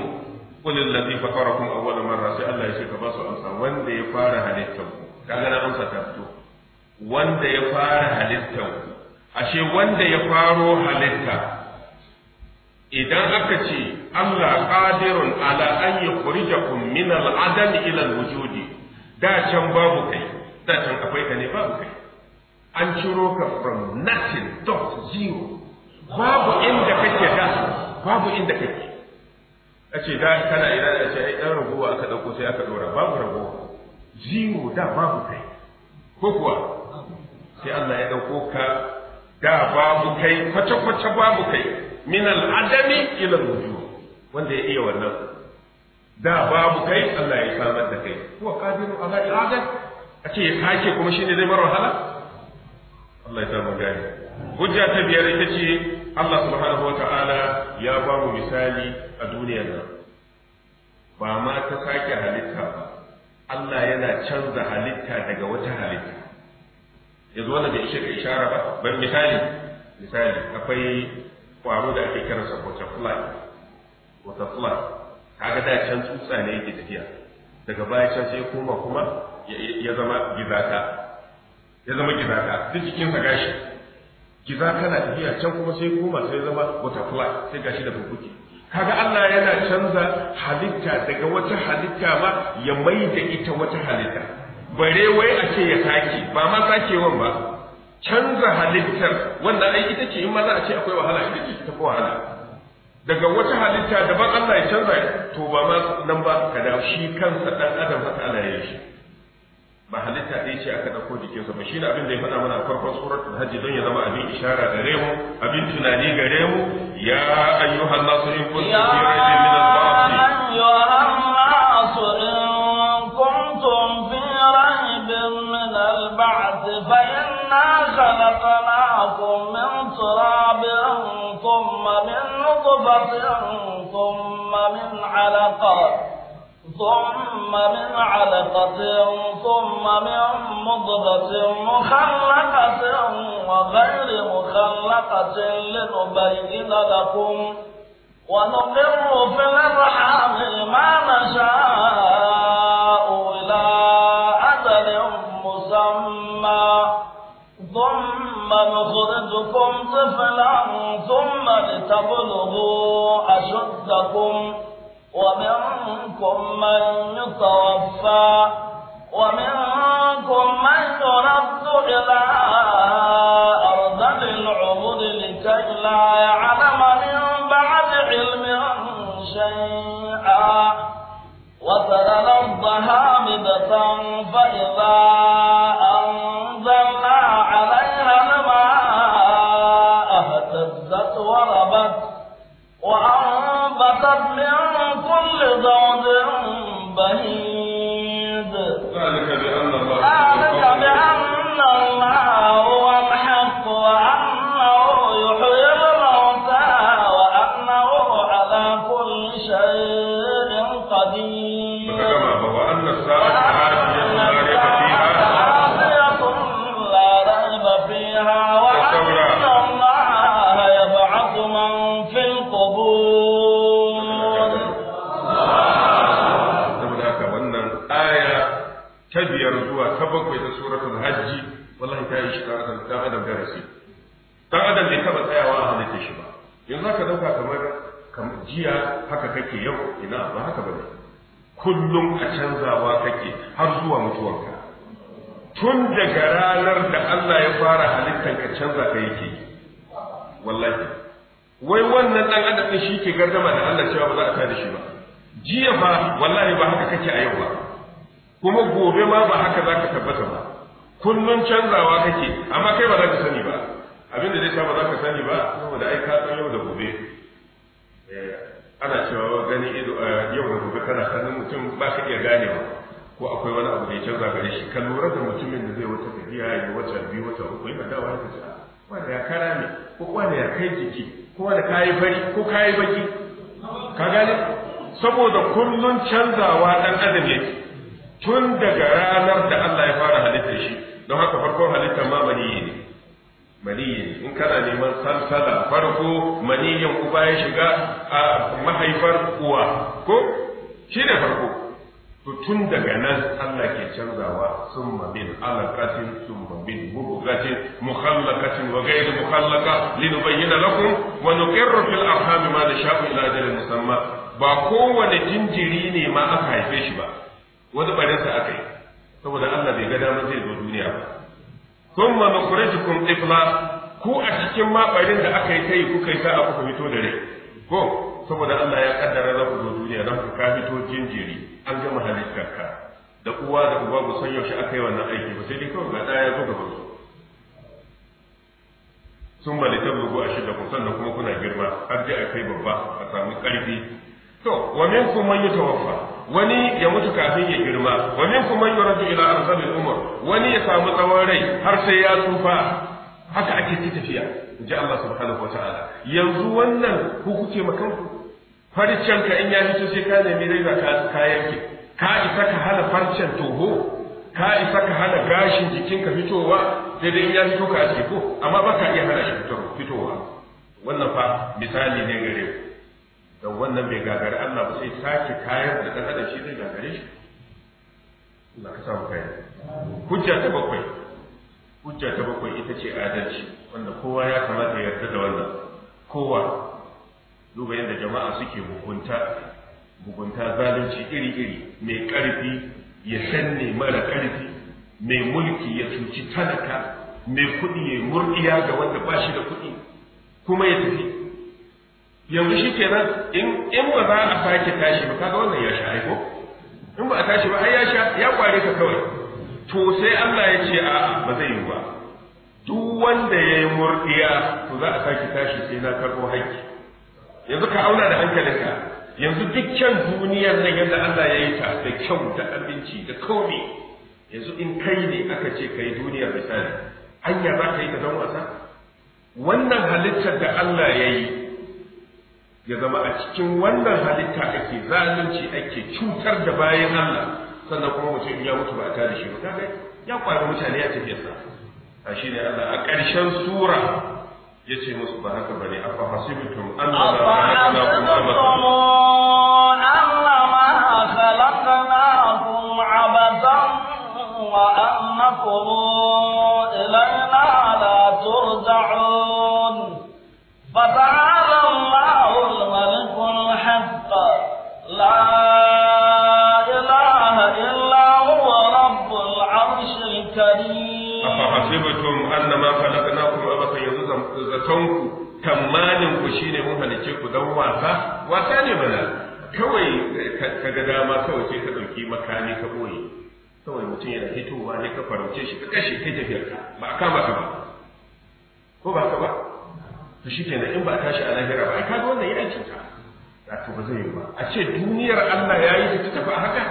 kullu allazi fakarakum awwala marra sai Allah ya ce ka ba su amsa wanda ya fara halittar kaga na amsa ta fito wanda ya fara halitta ashe wanda ya faro halitta idan aka ce Allah qadirun ala an yukhrijakum min al-adam ila al-wujudi da can babu kai da can akwai ka ne babu kai an ciro ka from nothing to zero babu inda kake da babu inda kake a ce da kana ina da ce ai dan ragowa aka dauko sai aka dora babu ragowa jiwo da babu kai ko kuwa sai Allah ya ɗauko ka da babu kai kwace-kwace babu kai min al'adami ila wujud wanda ya iya wannan da babu kai Allah ya samar da kai huwa kadiru ala i'adat a ce ya sake kuma shine zai bar wahala Allah ya sa mu gani hujja ta biyar ita ce Allah subhanahu wa ta'ala ya ba mu misali a duniyar nan ba ma ta sake halitta ba Allah yana canza halitta daga wata halitta yanzu wanda bai ishe ka ishara ba ban misali misali akwai kwaro da ake kira sa butterfly butterfly kaga da can tsutsa ne yake tafiya daga baya can sai koma kuma ya zama gizaka ya zama gizaka duk cikin sa gashi gizaka na tafiya can kuma sai koma sai zama butterfly sai gashi da fukuki kaga Allah yana canza halitta daga wata halitta ba ya mai da ita wata halitta bare wai a ce ya sake ba ma sakewan ba canza halittar wannan ai ita ce in ma za a ce akwai wahala ita ce ta wahala daga wata halitta ba Allah ya canza to ba ma nan ba kada shi kansa dan adam haka Allah ya yi shi ba halitta ɗaya ce aka ɗauko jikinsa ba shi ne abin da ya faɗa mana a farkon suratul hajji don ya zama abin ishara gare mu abin tunani gare mu ya ayyuhan nasu in kuntum fi raibin min al-ba'thi ya ayyuhan nasu in kuntum fi raibin min al-ba'th fa inna khalaqnakum min turabin thumma min nutfatin thumma min 'alaqah ثم من علقة ثم من مضغة مخلقة وغير مخلقة لنبين لكم ونقر في الأرحام ما نشاء إلى أجل مسمى ثم نخرجكم طفلا ثم لتبلغوا أشدكم ومنكم من يتوفى ومنكم من يرد إلى أرض العبود لكي لا يعلم من بعد علم شيئا وترى الأرض هامدة فإذا أنزلنا وخلقت من كل زوج بهيج ذلك بأن الله yanzu ka dauka kamar jiya haka kake yau ina ba haka bane kullum a canzawa kake har zuwa mutuwanka tun daga ranar da Allah ya fara halittar ka canza ka yake wallahi wai wannan dan adam din shi ke gardama da Allah cewa ba za a tada shi ba jiya ba wallahi ba haka kake a yau ba kuma gobe ma ba haka za ka tabbata ba kullum canzawa kake amma kai ba za ka sani ba abinda zai sa ba za ka sani ba saboda ai ka san yau da gobe ana cewa gani ido eh, yau da gobe kana sanin mutum ba ka iya ganewa ko akwai wani abu da ya canza gare shi ka lura da mutumin da zai wata tafiya ya wata biyu wata uku yana dawa ya ce ah, wani ya kara ne ko wani ya kai jiki ko wani ka yi fari ko ka yi baki ka gane saboda kullun canzawa dan adam yake tun daga ranar da Allah ya fara halitta shi don haka farkon halitta ma bani ne maniyin in kana neman salsala farko maniyin uba ya shiga a mahaifar uwa ko shi ne farko to tun daga nan Allah ke canzawa summa min alaqatin summa min mubghatin mukhallaqatin wa ghayr mukhallaqa linubayyana lakum wa nuqirru fil arham ma nasha'u ila ajalin musamma ba kowane jinjiri ne ma aka haife shi ba wani barinsa aka yi saboda Allah bai ga dama zai zo duniya ba thumma nukhrijukum tifla ku a cikin maɓarin da aka yi kai kuka yi sa aka fito da rai ko saboda Allah ya kaddara za ku zo duniya don ku ka fito jinjiri an gama halittar ka da uwa da uba ku san yaushe aka yi wannan aiki ba sai dai kawai ga ɗaya ya zo gaban su sun ba litar rugu a shida sannan kuma kuna girma har dai a kai babba a samu ƙarfi to wa minkum man tawaffa wani ya mutu kafin ya girma wa kuma ya yuradu ila arzalil umur wani ya samu tsawon rai har sai ya tsufa haka ake ci tafiya in ji Allah subhanahu wataala yanzu wannan ku kuke ku? farcen ka in ya fito sai ka nemi raiba ka kayan ka isa ka hana farcen toho ka isa ka hana gashin jikinka fitowa sai dai in ya fito ka a ko amma ba ka iya hana shi fitowa wannan fa misali ne gare ku da wannan bai gagari Allah ba sai sake kayar da ɗan adam shi zai gagare shi Allah ka samu kai hujja ta bakwai hujja ta bakwai ita ce adalci wanda kowa ya kamata ya yarda da wannan kowa duba yadda jama'a suke hukunta mugunta zalunci iri-iri mai ƙarfi ya sanne mara ƙarfi mai mulki ya cuci talaka mai kuɗi ya murɗiya ga wanda ba shi da kuɗi kuma ya tafi yanzu shi nan, in in ba za a sake tashi ba kaga wannan ya sha aiko in ba a tashi ba ai ya sha ya kware ka kawai to sai Allah ya ce a'a ba zai yi ba duk wanda ya yi murdiya to za a sake tashi sai na karɓo haƙƙi yanzu ka auna da hankalinka yanzu dukkan duniyar nan yadda Allah ya yi ta da kyau da abinci da kome yanzu in kai ne aka ce ka yi duniyar misali hanya za ka yi ta don wasa wannan halittar da Allah ya yi ya zama a cikin wannan halitta ake zalunci ake cutar da bayan Allah sannan kuma mutum ya mutu ba a da shi ba kaga ya kwari mutane a sa. a shi ne Allah a ƙarshen sura ya ce musu ba haka bane afa hasibitum annama farauce shi ka kashe kai tafiyar ka ba a kama ka ba ko ba ka ba to shi kenan in ba tashi a lahira ba ai kaga wannan ya aikin ka to ba zai yi ba a ce duniyar Allah ya yi ta tafi a haka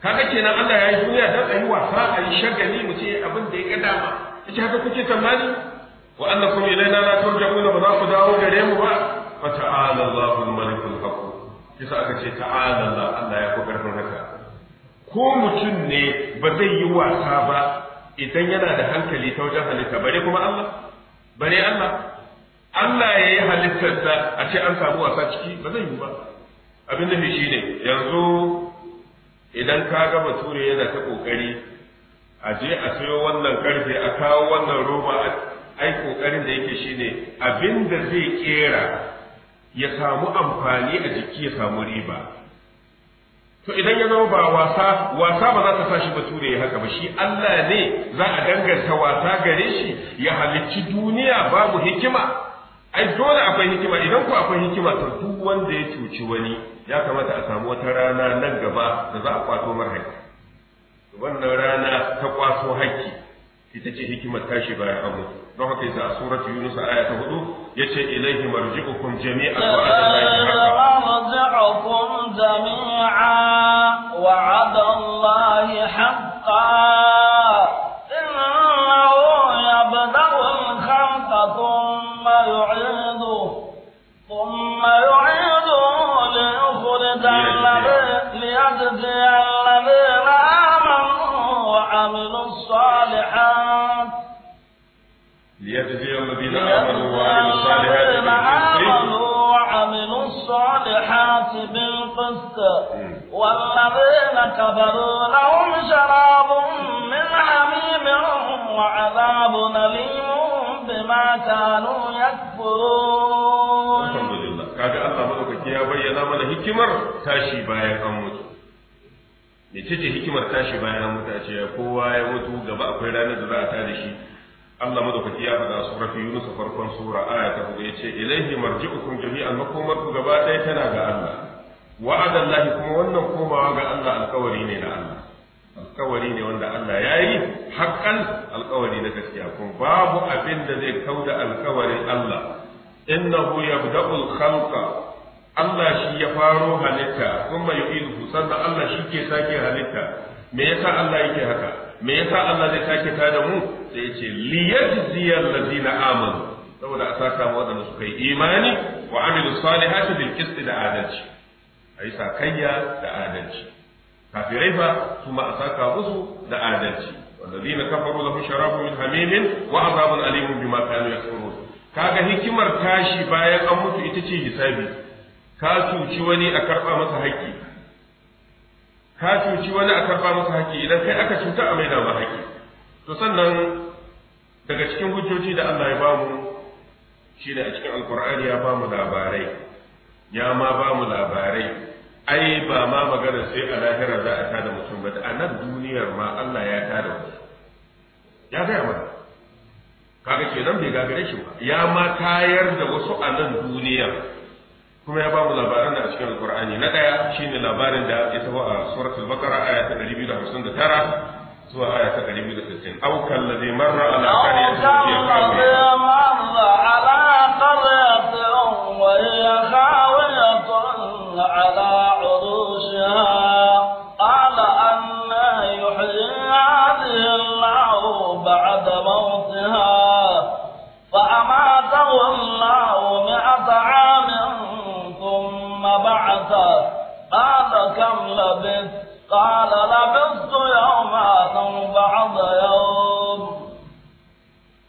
kaga kenan Allah ya yi duniya don a yi wasa a yi shagali mu ce abin da ya ga dama ita haka kuke tsammani wa annakum ilaina la turja'una ba za ku dawo gare mu ba fa ta'ala Allahu malikul haqq kisa aka ce ta'ala Allah Allah ya fi karfin haka ko mutum ne ba zai yi wasa ba idan yana da hankali ta wajen halitta bare kuma Allah bare Allah Allah ya yi halittarsa a ce an samu wasa ciki ba zai yi ba abin da shi ne yanzu idan ka ga bature yana ta kokari a je a sayo wannan karfe a kawo wannan roba ai kokarin da yake ne, abin da zai kera ya samu amfani a jiki ya samu riba to idan ya zama ba wasa wasa ba za ta sa shi bature ya haka ba shi Allah ne za a danganta wasa gare shi ya halicci duniya babu hikima ai dole akwai hikima idan ko akwai hikima to duk wanda ya cuci wani ya kamata a samu wata rana nan gaba da za a kwato mar haƙƙi wannan rana ta kwaso haƙƙi ita ce hikimar tashi bayan ya mutu don haka yasa a suratu yunus aya ta hudu yace ilaihi marji'ukum jami'an wa adallahi jami'a wa adallahi haqqan الذين آمنوا وعملوا الصالحات بالقسط والذين كفروا لهم شراب من حميم وعذاب أليم بما كانوا يكفرون الحمد لله kaga Allah madaukaki ya bayyana mana hikimar tashi bayan an mutu mece ce hikimar tashi bayan an mutu a ce kowa ya mutu gaba akwai ranar da za a da shi Allah madaukaki ya faɗa suratu Yunus farkon sura aya ta hudu yace ilaihi marji'ukum jami'an makomar ku gaba ɗaya tana ga Allah wa'adan lahi kuma wannan komawa ga Allah alkawari ne na Allah alkawari ne wanda Allah ya yi haƙƙan alkawari na gaskiya kuma babu abin da zai kauda alkawarin Allah innahu yabda'ul khalqa Allah shi ya faro halitta kuma yu'iduhu sannan Allah shi ke sake halitta me yasa Allah yake haka me yasa Allah zai sake tada mu sai ya ce liyajziyar lazina amanu saboda a saka ma waɗanda suka yi imani wa Sani salihati bil qisti da adalci a ayi sakayya da adalci kafirai fa kuma a saka musu da adalci zina sharafu min hamimin, شراب من حميم وعذاب أليم بما كانوا يكفرون kaga hikimar tashi bayan an mutu ita ce hisabi ka cuci wani a karɓa masa haƙƙi ka cuci wani a karɓa masa haƙƙi idan kai aka cuta a na ma haƙƙi to sannan daga cikin hujjoji da Allah ya bamu shi da a cikin alkur'ani ya bamu labarai ya ma bamu labarai ai ba ma magana sai a lahira za a tada mutum ba a nan duniyar ma Allah ya tada mutum ya gaya mana kaga nan bai gagare shi ba ya ma tayar da wasu a nan duniyar kuma ya bamu labaran da a cikin alkur'ani na daya shine labarin da ya tafi a suratul baqara aya ta 259 zuwa aya ta 260 aw kallazi marra ala qaryatin marra ala qaryatin wa hiya khawiyatun ala urushiha qala anna yuhyi hadhihi Allahu ba'da mawtiha fa amatahu Allahu mi'ata 'amin thumma ba'atha قال كم لبثت قال لبثت يوما أو بعض يوم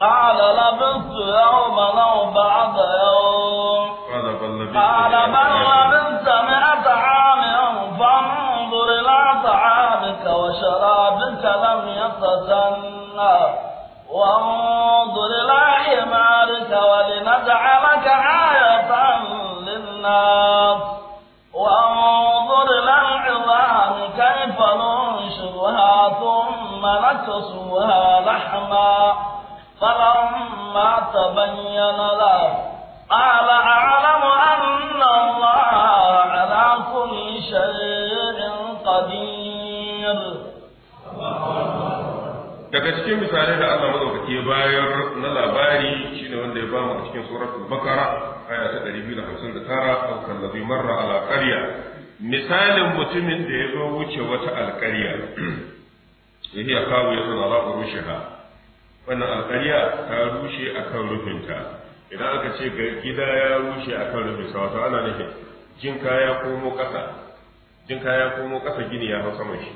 قال لبثت يوما أو بعض يوم قال بل لبثت مئة عام فانظر إلى طعامك وشرابك لم يتسنى وانظر إلى حمارك ولنجعلك آية للناس كيف ننشرها ثم نكسوها لحما فلما تبين له قال أعلم أن الله على كل شيء قدير daga cikin misalai da Allah mazauka ke bayar na labari shi ne wanda ya ba mu cikin suratul bakara aya ta 259 aw kallabi marra ala qarya misalin mutumin da ya zo wuce wata alƙarya ya hiya kawo ya zana za rushe ha wannan alƙarya ta rushe a kan rufinta idan aka ce gida ya rushe a kan rufinsa wato ana nufin jin kaya komo ƙasa jin kaya komo ƙasa gini ya hau saman shi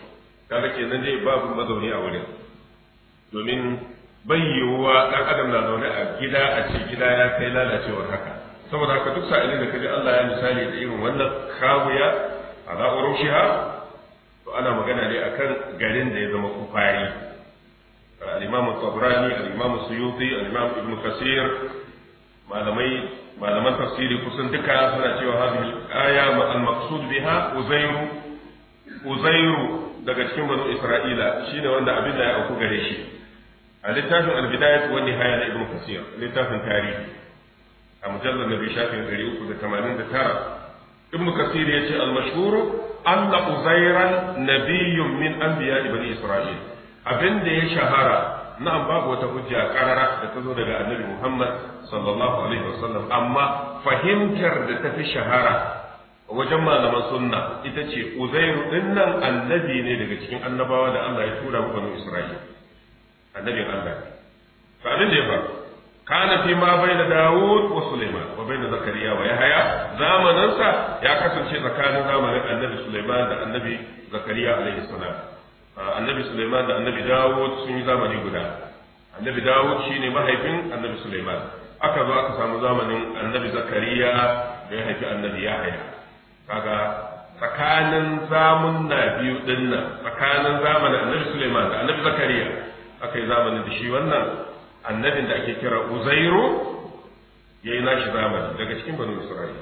kaga nan dai babu mazauni a wurin domin bai yiwuwa ɗan adam na zaune a gida a ce gida ya kai lalacewar haka saboda haka duk sa'ilin da kaji Allah ya misali da irin wannan a ala urushiha to ana magana ne akan garin da ya zama kufari al-imam tabrani al-imam suyuti al-imam ibn kasir malamai malaman tafsiri kusan duka suna cewa hadhihi aya al-maqsud biha uzairu uzairu daga cikin banu isra'ila shine wanda abin da ya auku gare shi a littafin al-bidayah wa nihaya na ibn kasir littafin tarihi a mujallar na biyu shafin ɗari uku da tamanin da tara ibn kasir ya ce almashhuru anna uzairan nabiyyun min anbiya bani isra'il abin da ya shahara na'am babu wata hujja karara da ta zo daga annabi muhammad sallallahu alaihi wasallam amma fahimtar da ta fi shahara wajen malaman sunna ita ce uzairu dinnan annabi ne daga cikin annabawa da Allah ya tura mu banu isra'il annabin Allah fa abin da ya faru kana fi ma baina Dawud wa Sulaiman wa bai baina Zakariya wa Yahaya zamaninsa ya kasance tsakanin zamanin Annabi Sulaiman da Annabi Zakariya alaihi salam Annabi Sulaiman da Annabi Dawud sun yi zamani guda Annabi Dawud shine mahaifin Annabi Sulaiman aka zo aka samu zamanin Annabi Zakariya da ya haifi Annabi Yahaya kaga tsakanin zamun na biyu dinnan tsakanin zamanin Annabi Sulaiman da Annabi Zakariya aka yi zamanin da shi wannan annabin da ake kira uzairu ya yi nashi zamani daga cikin banu isra'ila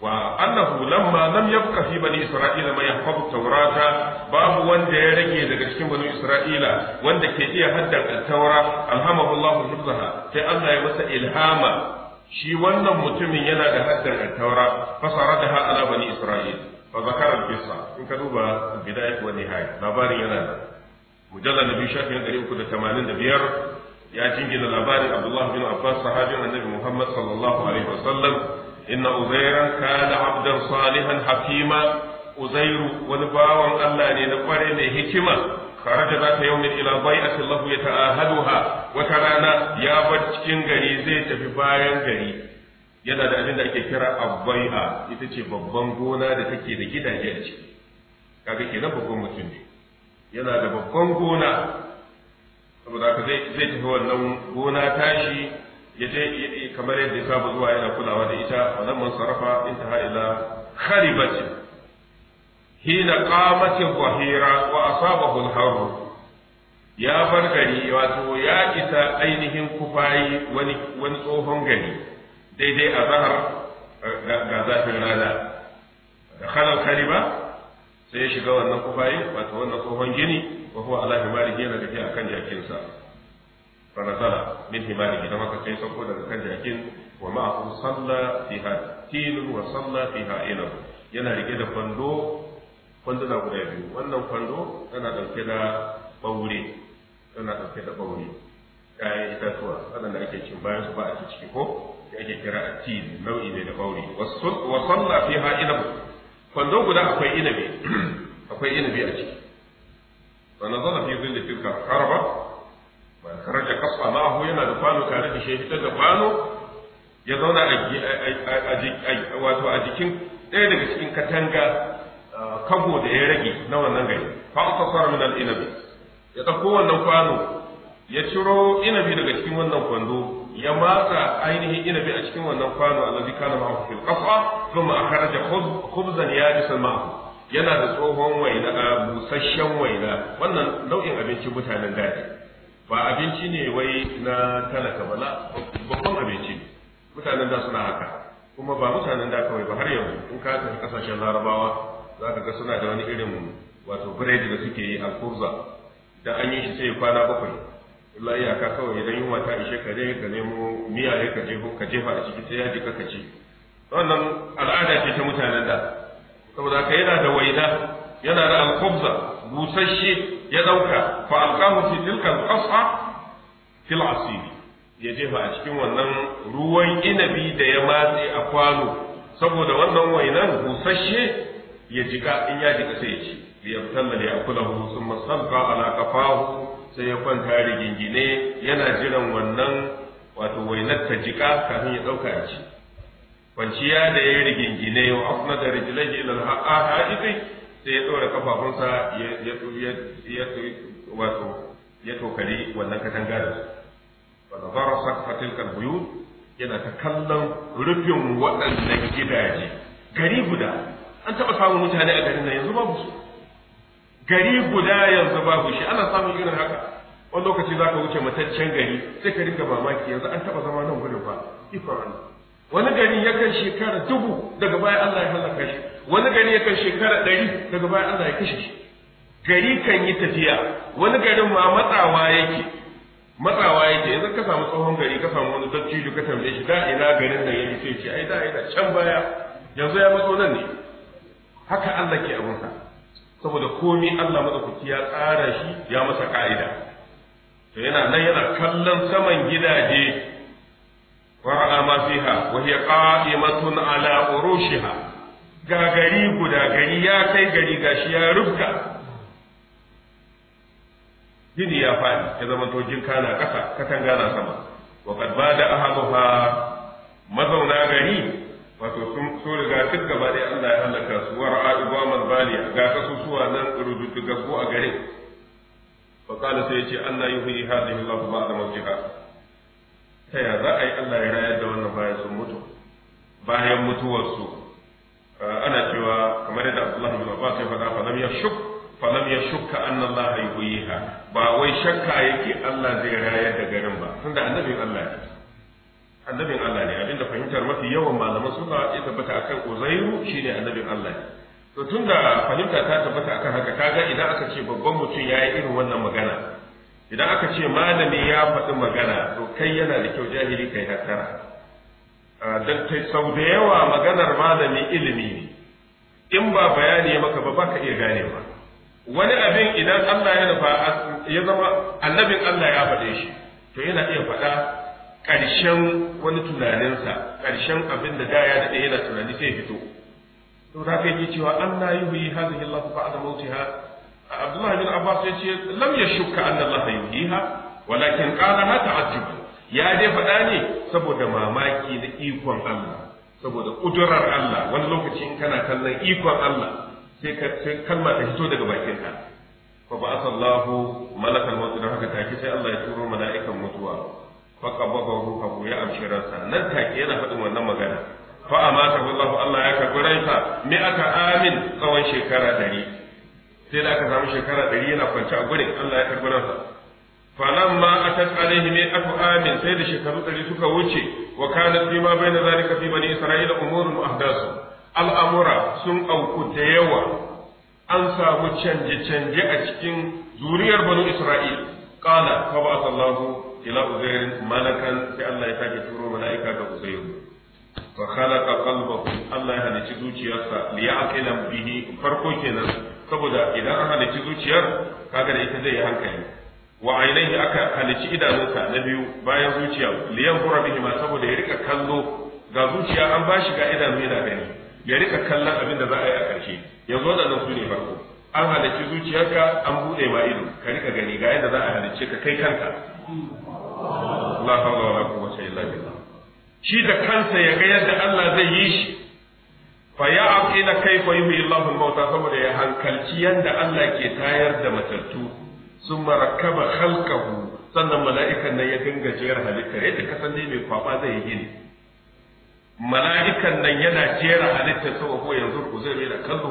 wa annahu lamma lam yabqa fi bani isra'ila man yahfazu tawrata babu wanda ya rage daga cikin banu isra'ila wanda ke iya haddan taura alhamahu Allahu hifzaha sai Allah ya masa ilhama shi wannan mutumin yana da haddan taura fasaradaha ala bani isra'ila fa zakara al-qissa in ka duba bidayat wa nihaya labarin yana da mujallal nabi shafi biyar. ya jingina labarin Abdullahi bin Abbas sahabin Annabi Muhammad sallallahu alaihi wasallam inna Uzairan kana abdan salihan hakima Uzairu wani bawan Allah ne na kware mai hikima kharaja zata yawmin ila bai'ati Allah yata'ahaduha wata rana ya bar cikin gari zai tafi bayan gari yana da abin da ake kira abbai'a ita ce babban gona da take da gidaje a ciki kaga kenan babban mutum ne yana da babban gona saboda ka zai zai tafi wannan gona tashi ya je kamar yadda ya saba zuwa yana kulawa da ita wannan man sarrafa intaha ila kharibati hina qamati dhahira wa asabahu al ya bar gari wato ya isa ainihin kufayi wani wani tsohon gari daidai a zahar eh, ga zafin rana da khalal kariba sai ya shiga wannan kufayi wato wannan tsohon gini wa على ala himarihi yana أكن akan سا fa من min himarihi dan haka sai sauko daga kan jakin wa ma'ahu salla fiha tilun wa salla fiha ilam yana rike da kwando kwanduna guda biyu wannan kwando tana da da kayan itatuwa waɗanda ake cin bayan su ba a ciki ko da ake kira a nau'i ne da baure wa salla fiha ilam kwando guda akwai inabi akwai inabi a ciki فنظر في ظل تلك الحربة من خرج قصة معه ينا دفانو كان بشيء تدفانو يضون wato a jikin ɗaya daga cikin katanga kago da ya rage na wannan gari fa'asasar min al'inabi ya ɗauko wannan kwano ya ciro inabi daga cikin wannan kwando ya matsa ainihin inabi a cikin wannan kwano a kana ma'ahu fil qafa thumma akhraja yana da tsohon waina a busasshen waina wannan nau'in abincin mutanen da ba abinci ne wai na talaka ba na babban abinci mutanen da suna haka kuma ba mutanen da kawai ba har yanzu in ka tafi kasashen larabawa za ka ga suna da wani irin wato biredi da suke yi alkurza da an yi shi sai kwana bakwai illa iyaka kawai idan yunwa ta ishe ka je ka nemo miya ka jefa a ciki ta ya jika ka ci wannan al'ada ce ta mutanen da saboda ka yana da waina yana da alkubza busasshe ya dauka fa alqahu fi tilka alqas'a fil ya jefa a cikin wannan ruwan inabi da ya matse a kwano saboda wannan wainan busasshe ya jika in ya jika sai ya ci liyabtalla li akulahu thumma sabqa ala kafahu sai ya kwanta rigingine yana jiran wannan wato wainar ta jika kafin ya dauka ya ci kwanciya da ya rigingine wa afna da rijilai ila alhaqa hajibi sai ya dora kafafunsa ya ya ya wato ya tokari wannan katanga da su wa nazara saqfa tilka albuyut yana ta kallon rufin waɗannan gidaje gari guda an taɓa samun mutane a garin nan yanzu babu su gari guda yanzu babu shi ana samun irin haka wani lokaci za ka wuce mataccen gari sai ka rinka mamaki yanzu an taɓa zama nan gudun ba ikon wani gari yakan shekara dubu daga baya Allah ya hallaka shi wani gari yakan shekara ɗari daga baya Allah ya kashe shi gari kan yi tafiya wani garin ma matsawa yake matsawa yake yanzu ka samu tsohon gari ka samu wani dattijo ka tambaye shi da ina garin da yake sai ce ai da ina can baya yanzu ya matso nan ne haka Allah ke abinsa saboda komai Allah madaukaki ya tsara shi ya masa ka'ida to yana nan yana kallon saman gidaje وعلى ما فيها وهي قائمة على عروشها غاغري غدا غري يا كاي غري غاشي يا ربكا gini ya faɗi ya zama tojin kana ƙasa katanga na sama wa kad ba da ahaluha wato sun so riga duk gaba ɗaya Allah ya halaka su wa ra'a man bali ga su kasusuwa nan rudutu gasko a garin fa kana sai ya ce Allah yuhi hadhihi Allahu ba'da mawtiha ta ya za a yi Allah ya rayar da wannan bayan sun mutu bayan mutuwarsu ana cewa kamar yadda Abdullahi bin Abbas ya faɗa fa lam yashuk fa lam yashuk anna Allah yuhyiha ba wai shakka yake Allah zai rayar da garin ba tunda annabin Allah ne annabin Allah ne abinda fahimtar mafi yawan malaman suna ya tabbata akan Uzairu shine annabin Allah ne to tunda fahimta ta tabbata akan haka kaga idan aka ce babban mutum yayi irin wannan magana idan aka ce malami ya faɗi magana to kai yana da kyau jahili kai hattara don sau da yawa maganar malami ilimi ne in ba bayani ya maka ba ba ka iya gane ba wani abin idan Allah ya nufa ya zama annabin Allah ya faɗe shi to yana iya faɗa ƙarshen wani tunaninsa ƙarshen abin da da ya daɗe yana tunani sai fito to za ka yi cewa an na yi huyi hadhihi Allah ba'da mautiha Abdullahi bin Abbas ya ce lam shukka anna Allah yuhiha walakin qala ma ta'ajjuba ya dai faɗa ne saboda mamaki da ikon Allah saboda kudurar Allah wani lokaci in kana kallon ikon Allah sai kalma ta fito daga ka fa ba'atha Allahu malakal maut da haka take sai Allah ya turo mala'ikan mutuwa fa qabbahu fa ya amshirarsa nan take yana faɗin wannan magana fa amata Allahu Allah ya karbi ransa aka amin tsawon shekara dari sai da aka samu shekara ɗari yana kwance a gurin Allah ya karɓi a falamma atat alaihi mai aku amin sai da shekaru ɗari suka wuce wa kanat fi ma bayna zalika fi bani isra'ila umurun muhdasu al'amura sun auku da yawa an samu canje canje a cikin zuriyar banu isra'il qala fa ba'atha Allahu ila uzairin malakan sai Allah ya sake turo mala'ika ga uzairu fa khalaqa qalbahu Allah ya halici zuciyarsa li ya'qila bihi farko kenan saboda idan an halici zuciyar kaga da ita zai yi hankali wa ainihi aka halici idanunsa na biyu bayan zuciya liyan hura ma saboda ya rika kallo ga zuciya an bashi ga idanu yana gani ya rika kallon abin da za a yi a ƙarshe yanzu waɗannan su ne farko an halici zuciyarka an buɗe ma ido ka rika gani ga yadda za a halice ka kai kanka la hawla wa quwwata illa billah shi da kansa ya ga yadda Allah zai yi shi fa ya aqila kaifa yuhyi Allahu al-mauta saboda ya hankalci yanda Allah ke tayar da matattu summa rakkaba khalqahu sannan mala'ikan nan ya dinga jiyar halitta. yadda ka san mai kwaba zai yi gini. mala'ikan nan yana jera halitta saboda ko yanzu ku zai mai da kallo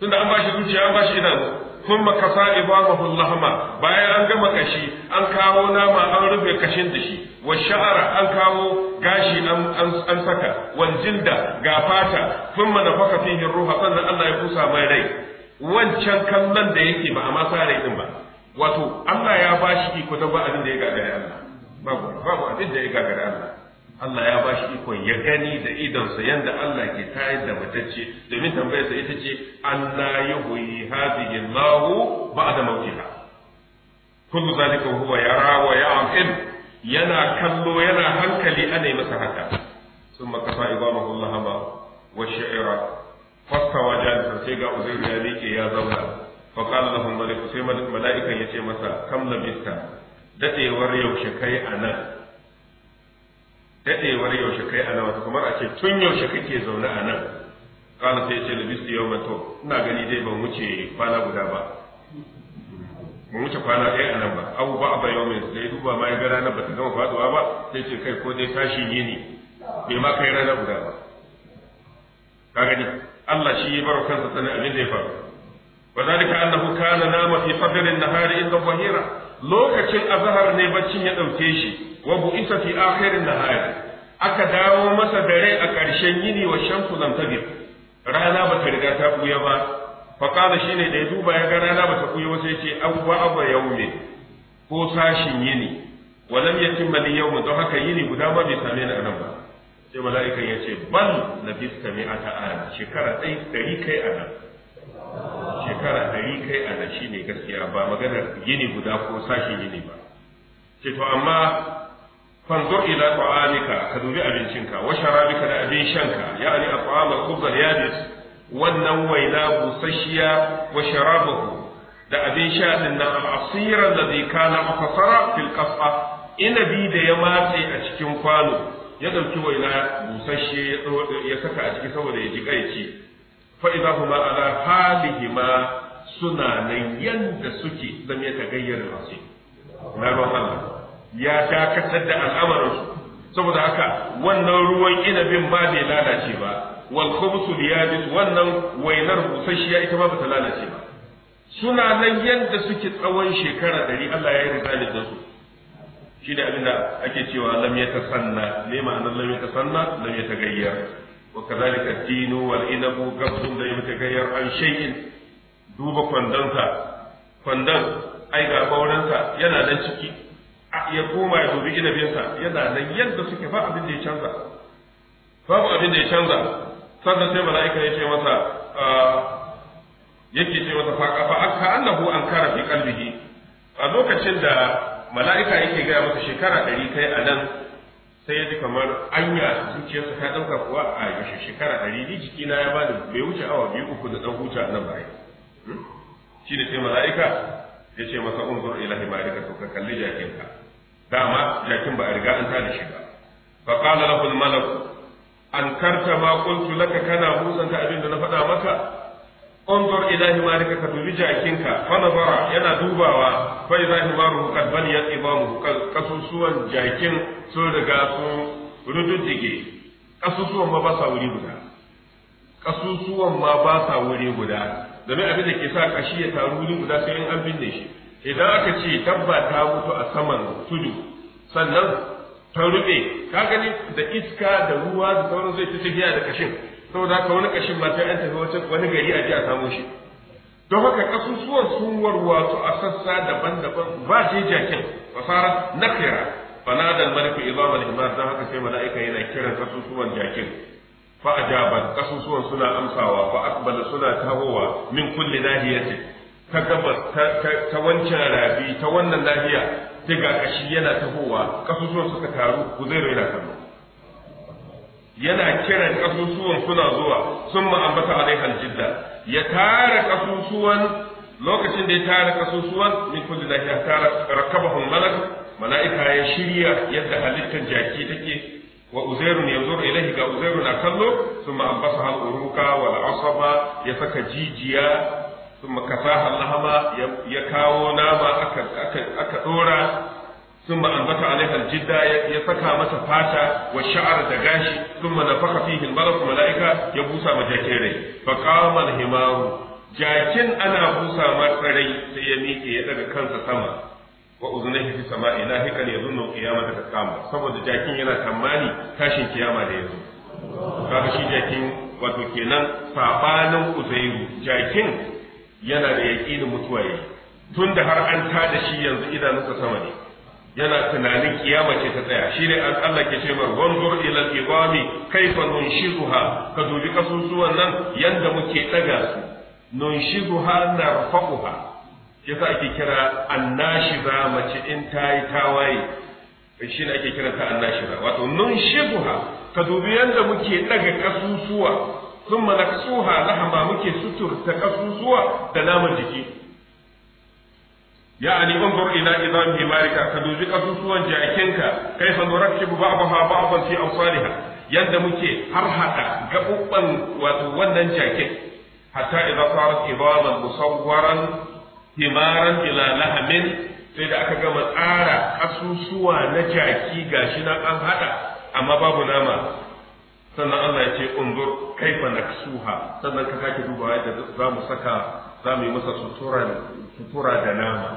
tunda an bashi zuciya an bashi idanu thumma kasa ibabahu lahma bayan an gama kashi an kawo nama an rufe kashin da shi wa sha'ara an kawo gashi an saka wal jilda ga fata thumma nafaka fihi ruha sannan Allah ya kusa mai rai wancan kallon da yake ba a masa rai din ba wato Allah ya bashi iko da ba abin da ya gagare Allah babu babu abin da ya gagare Allah Allah ya ba shi ikon ya gani da idonsa yadda Allah ke tayar da matacce domin tambayarsa ita ce Allah ya huyi hadhihi Allahu ba'da mawtiha kullu zalika huwa yara wa ya'qil yana kallo yana hankali ana masa haka summa kafa ibamahu Allah ba wa shi'ra fastawa jalisa sai ga uzair ya miƙe ya zauna fa qala lahum malaiku sai mala'ikan yace masa kam labista dadewar yaushe kai anan dadewar yaushe kai a nan kamar a ce tun yaushe kake zaune a nan kana sai ce labistu yau mato ina gani dai ban wuce kwana guda ba ban wuce kwana ɗaya a nan ba abu ba a bayan mai sai duba ma ya ga ranar ba ta gama faduwa ba sai ce kai ko dai tashi ne ne bai ma kai rana guda ba ka gani Allah shi ya baro kansa sanin abin da ya faru wa zalika annahu kana nama fi fadlin nahari inda zahira lokacin azhar ne baccin ya dauke shi wa bu'isa fi akhirin nahari aka dawo masa da rai a karshen yini wa shamsu tabir rana ba ta riga ta buya ba fa kana shine da ya duba ya ga rana ba ta buya ba sai ya ce awwa ko sashin yini wa lam yatimma li yawm don haka yini guda ba bai same ni anan ba sai mala'ikan ya ce bal labista mi'ata an shekara dai dari kai anan shekara dari kai a nan shi gaskiya ba maganar yini guda ko sashin yini ba. Ce to amma fanzur ila ta'amika ka dubi abincinka wa sharabika da abin shanka ya'ani at'am al-khubz al-yabis wannan waina busasshiya wa sharabahu da abin sha din nan al-asir na kana mufassara fil qas'a inabi da ya matse a cikin kwano ya dauki waina busasshe ya saka a ciki saboda ya ji kaici fa idza huma ala halihima suna nan yanda suke zan ya tagayyar asir na ruwan Allah ya dakatar da al'amarinsu saboda haka wannan ruwan inabin ba bai lalace ba wal khubsu liyabis wannan wainar busasshiya ita ba ta lalace ba suna nan yadda suke tsawon shekara ɗari Allah ya yi rizalin da su shi da abinda ake cewa lam ya tasanna ne ma'anar lam ya tasanna lam ya tagayyar wa kazalika dinu wal inabu gabdun da ya tagayyar an shay'in duba kwandonsa kwandon ai ga bauransa yana nan ciki ya koma ya dubi inabinsa yana nan yadda suke ba abin da ya canza babu abin da ya canza sannan sai mala'ika ya ce masa ah, yake ce masa faqa fa akka annahu kara fi kalbihi a lokacin da mala'ika yake gaya masa shekara ɗari kai a nan sai ya ji kamar anya zuciyarsa ta ɗauka kuwa a yaushe shekara ɗari ni jikina ya bani bai wuce awa biyu uku da ɗan huta nan baya hmm? shi da sai mala'ika ya ce masa unzur ila himarika to ka kalli jakinka dama jakin ba a riga an tada shi ba fa qala lahu al an karta ma qultu laka kana musanta abin da na faɗa maka unzur ila himarika ka dubi jakinka fa nazara yana dubawa fa idza himaruhu qad baniyat ibamu kasusuwan jakin sun riga sun rududdige kasusuwan ma ba sa wuri guda kasusuwan ma ba sa wuri guda domin abin da ke sa kashi ya taru wuri guda sai an binne shi idan aka ce dabba ta mutu a saman tudu sannan ta rube ka gani da iska da ruwa da sauran zai ta tafiya da kashin saboda ka wani kashin ba sai an tafi wani gari a ji a samu shi don haka kasusuwan sun warwatsu a sassa daban-daban ba je jakin fasara nakira fanadal maliku idza wal himar dan haka sai mala'ika yana kiran kasusuwan jakin fa ajabat kasusuwan suna amsawa fa akbala suna tahowa min kulli nahiyati ta gabas ta wancan rabi ta wannan nahiya ta ga kashi yana tahowa kasusuwan suka taru ku zai raina kallo yana kiran kasusuwan suna zuwa sun ma'ambata alaihal jidda ya tara kasusuwan lokacin da ya tara kasusuwan min kulli nahiya tara rakabahum malak mala'ika ya shirya yadda halittar jaki take wa uzairun yanzur ilaihi ga uzairu na kallo thumma abbasaha al-uruka wal asaba ya saka jijiya thumma kasaha al-lahama ya kawo nama aka aka aka dora thumma anbata alaiha jidda ya saka mata fata wa sha'ar da gashi thumma nafaka fihi al-malaku malaika ya busa majakere fa qama al-himaru jakin ana busa masarai sai ya miƙe ya daga kansa sama wa uzunai fi sama'i lahiqan yazunnu qiyamata ta kama saboda jakin yana tsammani tashin kiyama da yazo kaga shi jakin wato kenan sabanin uzairu jakin yana da yaqinin mutuwa yayi tunda har an tada shi yanzu idanunsa sama ne yana tunanin kiyama ce ta tsaya shi ne Allah ke ce mar wanzur ila al-ibami kaifa nunshizuha ka dubi kasusuwan nan yanda muke daga su na narfa'uha yasa ake kira annashiba mace in ta yi tawaye shi ne ake kiranta annashiba wato nun shibuha ka dubi yadda muke daga kasusuwa sun manaksuha lahama muke suturta kasusuwa da naman jiki يعني انظر Ka عظام حمارك jakinka. Kai جاكنك كيف نركب بعضها بعضا في اوصالها يند مكي هرهدا غبوبن wato wannan jakin hatta idan fara idaman musawwaran himaran ila lahamin sai da aka gama tsara ƙasusuwa na jaki gashi na an hada amma babu nama sannan Allah ya ce unzur kaifa naksuha sannan ka kake dubawa yadda za mu saka za mu yi masa sutura sutura da nama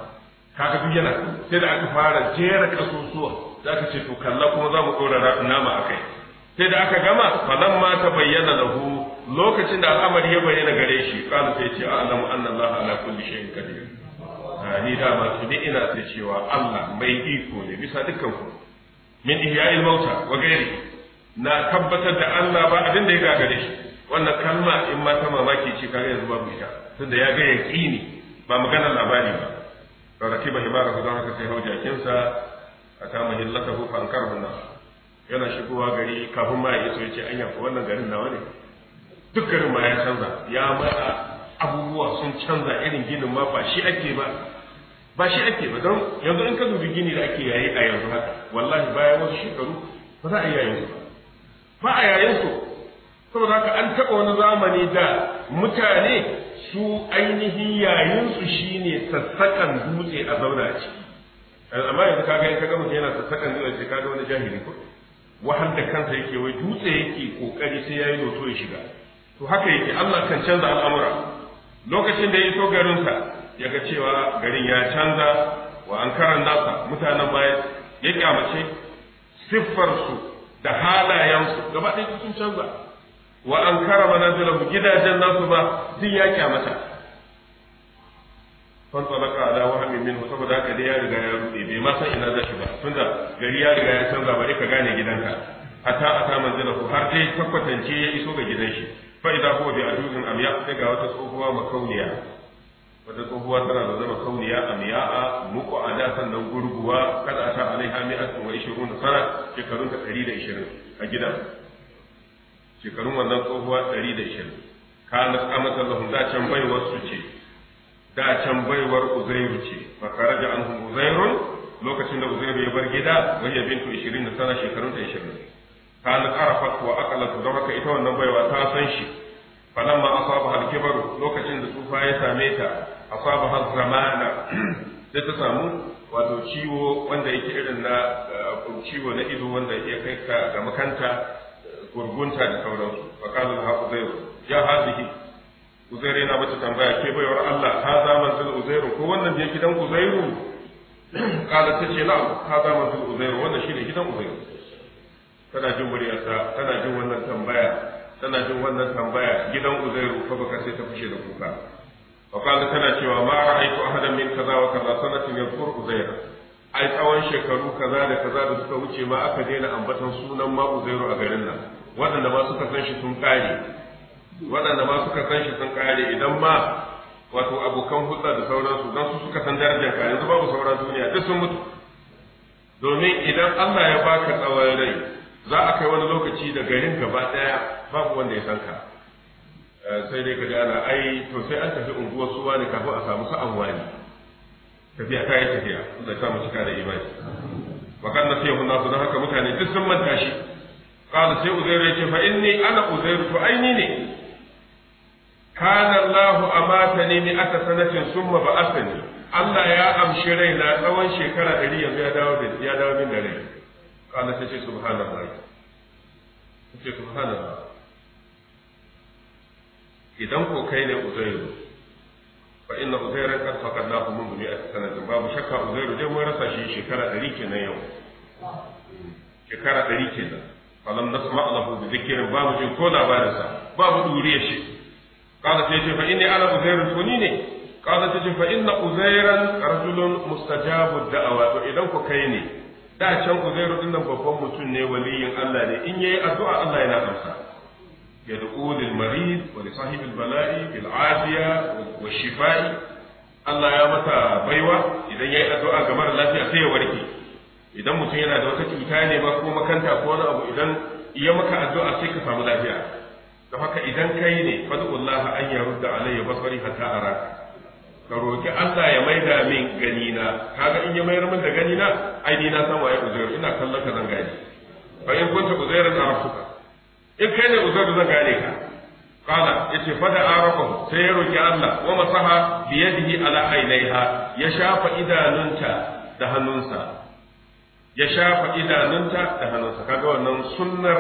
Ka duk yana sai da aka fara jera kasusuwa da aka ce to kalla kuma za mu dora nama akai sai da aka gama falamma ta bayyana lahu lokacin da al'amari ya bayyana gare shi kana sai ce a'lamu anna ala kulli shay'in qadir ah, ni da ba ki ina sai cewa Allah mai iko ne bisa dukkan ku min ihya'il mauta wa gairi na tabbatar da Allah ba abin da ya gare shi wannan kalma in ma ta mamaki ce kaga yanzu babu ita tunda ya ga yaqini ba maganar labari ba fa ba himara ku zaka sai hauja kinsa ta hillatahu fankar hunna yana shigowa gari kafin ma ya iso yace anya ko wannan garin nawa ne duk garin ma ya canza ya matsa abubuwa sun canza irin ginin ma ba shi ake ba ba shi ake ba don yanzu in ka dubi gini da ake yayi a yanzu haka wallahi bayan wasu shekaru ba za a yayin su ba a yayin su saboda haka an taɓa wani zamani da mutane su ainihin yayin su shine sassakan dutse a zauna a ciki eh, amma yanzu kaga in ka gama yana sassakan dutse kaga wani jahili ko wahal da kansa yake wai dutse yake kokari sai yayi hoto ya shiga to haka yake Allah kan canza al'amura lokacin da ya iso garinsa ya ga cewa garin ya canza wa an karan nasa mutanen baya ya kyamace siffarsu da halayensu gaba ɗaya sun canza wa an kara manazilahu gidajen nasu ba duk ya kyamata fan tsalaka ala wahami min saboda haka dai ya riga ya rufe bai ma san ina za shi ba tunda gari ya riga ya canza ba ka gane gidanka hatta ata ku har dai takwatance ya iso ga gidan shi fa idan huwa bi adu'in amya sai ga wata tsohuwa makauniya wata tsohuwa tana da zama kauniya amya'a muku ada sannan gurguwa kada ta alai alaiha mi'atun wa ishirun sana shekarun ta 120 a gidan shekarun wannan tsohuwa 120 kana amata lahum da can baiwar su ce da can baiwar uzairu ce fa karaja anhum uzairun lokacin da uzairu ya bar gida wani bintu 20 sana shekarun ta 20 kana arafat wa aqalat don haka ita wannan baiwa ta san shi falamma asaba al-kibar lokacin da tsufa ya same ta asaba har zamana *clears throat* sai ta samu wato ciwo wanda yake irin na uh, ciwo na ido wanda ya kai ka ga makanta gurgunta da sauransu fa kana al uzairu ya hadihi uzairu yana mata tambaya ke baiwar Allah ha za manzil uzairu ko wannan da yake gidan uzairu kala *clears throat* tace na ha za manzil uzairu wannan shine gidan uzairu tana jin muryarsa tana jin wannan tambaya tana jin wannan tambaya gidan uzairu fa baka sai ta fushe da kuka fa kaza tana cewa ma ra'aytu ahadan min kaza wa kaza sanatin yadhkur uzairu ai tsawon shekaru kaza da kaza da suka wuce ma aka daina ambatan sunan ma uzairu a garin nan waɗanda ma suka san shi sun kare waɗanda ma suka san shi sun kare idan ma wato abokan hulɗa da sauransu don su suka san darajar ka yanzu babu sauran duniya duk sun mutu domin idan Allah ya baka tsawon rai za a kai wani lokaci da garin gaba daya babu wanda ya sanka. Eh, sai dai ka ji ana ai to sai an tafi unguwar suwa ne kafin a samu sa'an wani tafiya ta yi tafiya da samu cika da imani wakan na sai hunna don haka mutane duk sun manta shi qala sai uzairu ya ce fa inni ana uzairu to ai ni ne kana Allahu ne mi aka sun summa ba'asani Allah ya amshi raina tsawon shekara ɗari yanzu ya dawo ya dawo min da rai kala ta ce subhanallah ta ce subhanallah idan ko kai ne uzairu fa inna uzairan qad faqadnahu منذ 100 sanatin babu shakka uzairu dai mun rasa shi shekara 100 kenan yau shekara 100 kenan falam nasma lahu bi dhikrin babu jin ko labarin sa babu duriyar shi kala ta ce fa inni ana uzairu to ni ne kala ta ce fa inna uzairan rajulun Mustajabu da'awa to idan ko kai ne da can uzairu din nan babban mutum ne waliyin Allah ne in yayi addu'a Allah yana amsa yad'u lil marid wa li sahibil bala'i bil afiya wa shifai Allah ya mata baiwa idan yayi addu'a ga mara lafiya sai ya warke idan mutum yana da wata cuta ne ba ko makanta ko wani abu idan ya maka addu'a sai ka samu lafiya Da haka idan kai ne fad'ullaha an yarudda alayya basari hatta araka ka roki Allah ya maida min ganina kaga in ya mayar min da ganina ai ni na san waye uzair ina kallon ka zan gane fa in kunta da rafuka in kai ne uzair zan gane ka qala yace fa da arafu sai ya roki Allah wa masaha bi yadihi ala ainaiha ya shafa idanunta da hannunsa ya shafa idanunta da hannunsa kaga wannan sunnar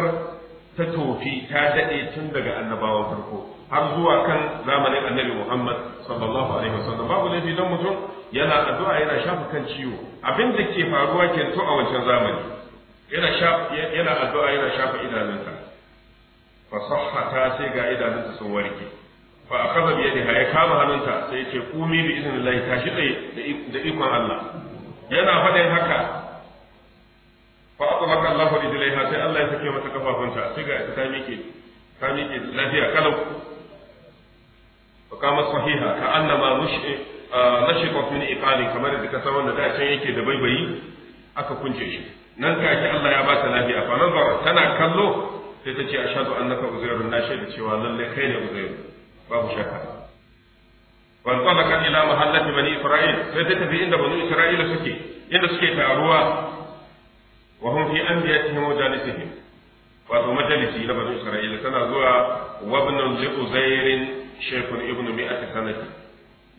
ta tofi ta dade tun daga annabawan farko har zuwa kan zamanin annabi Muhammad sallallahu alaihi wasallam babu laifi don mutum yana addu'a yana shafa kan ciwo abin da ke faruwa ke to a wancan zamani yana shafa yana addu'a yana shafa idanunsa fa sahhata sai ga idanunsa sun warke fa akhadha bi yadi ya kama hannunta sai yace kumi bi iznillahi tashi tsaye da ikon Allah yana faɗin haka fa atlaqa Allahu rijlaiha sai Allah ya sake mata kafafunta sai ga ta miƙe ta miƙe lafiya kalau فقامت صحيحة كأنما نشقت من إقالي كما رأيك سوى أن ذا شيء يكي دبيبي أكا كنجي شيء ننكا أكي الله يبات لابي فنظر تنا كلو تتجي أشهد أنك أزير الناشد شوى للي خير أزير باب شكا وانطلقت إلى محلة بني إسرائيل فتتفي عند بني إسرائيل سكي عند سكي تأروا وهم في أنبيتهم وجالسهم wato majalisi na banu isra'ila tana zuwa wabnan li uzairin shekun ibn mi'ati sanati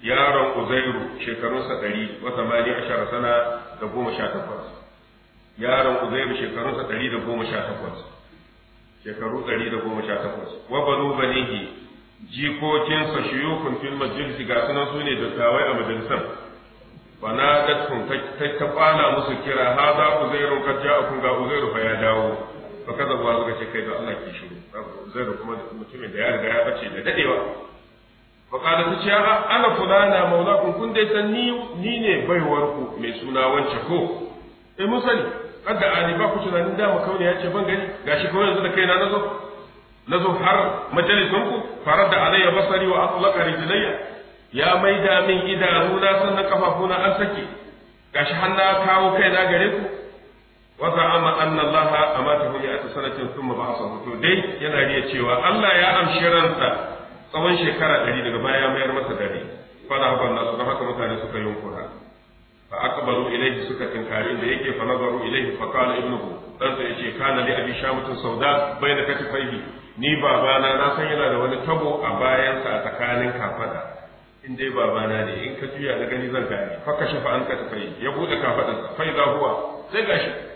yaron uzairu shekarunsa ɗari wa a shara sana da goma sha takwas yaron uzairu shekarunsa ɗari da goma sha takwas shekaru ɗari da goma sha takwas wa banu banihi jikokinsa shuyukun fil majalisi ga sunan su ne dattawai a majalisan fanadatum ta kwana musu kira haza uzairu ja ja'akum ga uzairu fa ya dawo fa kaza ba suka ce kai da Allah ke shiru uzairu kuma mutumin da ya riga ya bace da dadewa faƙada ta ce ana fulana maulakun kun dai san ni ne baiwarku mai suna wance ko eh mun sani kada ani ba ku tunanin da ya ce ban gani gashi kawai yanzu da kaina na nazo har majalisun ku farar da alayya basari wa atlaqa rijlayya ya maida min idanuna sannan kafafuna an sake gashi har na kawo kaina gare ku وزعم أن الله أماته مئة سنة ba بعثه to dai yana riya cewa Allah ya amshi ransa tsawon shekara ɗari daga baya mayar masa dare fara haban nasu don haka mutane suka yunkura fa baro ilayhi suka tinkari da yake fa nazaru ilayhi fa qala ibnuhu dan sai yace kana li abi shamatun sauda bayna katifaihi ni babana na san yana da wani tabo a bayansa a tsakanin kafada in dai babana ne in ka juya na gani zan gane fa kashafa an katifaihi ya bude kafadan fa idza sai gashi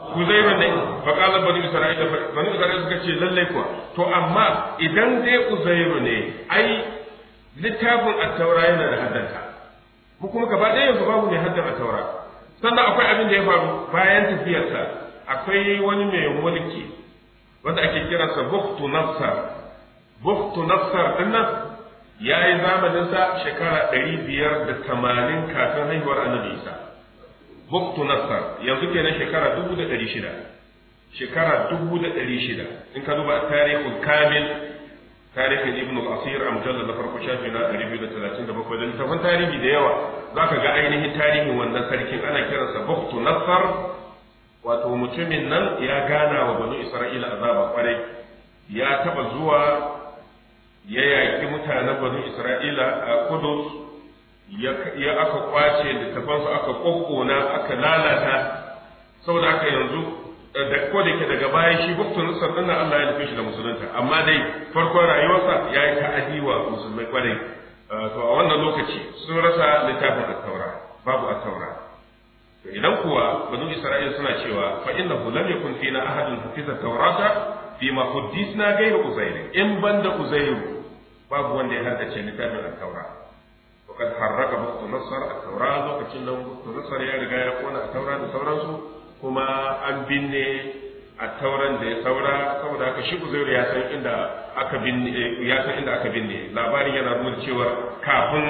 Uzairu ne fa qala bani Isra'ila bani Isra'ila suka ce lalle kuwa to amma idan dai Uzairu ne ai littafin at-taura yana da haddanta mu kuma gaba ɗaya yanzu babu ne haddan at-taura sannan akwai abin da ya faru bayan tafiyarsa akwai wani mai mulki wanda ake kiransa Bukhtu Nafsar Bukhtu Nafsar dinnan yayi zamanin sa shekara 580 kafin haihuwar Annabi Isa waqtu Nassar, yanzu kenan shekara dubu da ɗari shida shekara dubu da ɗari shida in ka duba tarihin kamil tarihin ibn al-asir a mujallar na farko shafi na ɗari biyu da talatin da bakwai da littafin tarihi da yawa za ka ga ainihin tarihin wannan sarkin ana kiransa waqtu Nassar. wato mutumin nan ya gana wa banu isra'ila azaba kwarai ya taba zuwa ya yaƙi mutanen banu isra'ila a kudus ya aka kwace littafansu aka kokkona aka lalata saboda aka yanzu eh, ko da ke daga baya shi buktun nusar dinnan Allah ya nufi shi da musulunta amma dai farkon rayuwarsa ya yi ta'adi wa musulmai kwarai eh, to a wannan lokaci sun rasa littafin at-taura babu at-taura idan kuwa banu isra'ila suna cewa fa hu lam yakun fina ahadun hafiza tawrata ma huddisna ghayru uzayr in banda uzairu babu wanda ya haddace littafin at-taura kad harraka bukku nasar a taura lokacin nan bukku nasar ya riga ya kona a taura da sauransu kuma an binne a tauran da ya saura saboda shi kuzair ya san aka binne ya san inda aka binne labarin yana nuna cewa kafin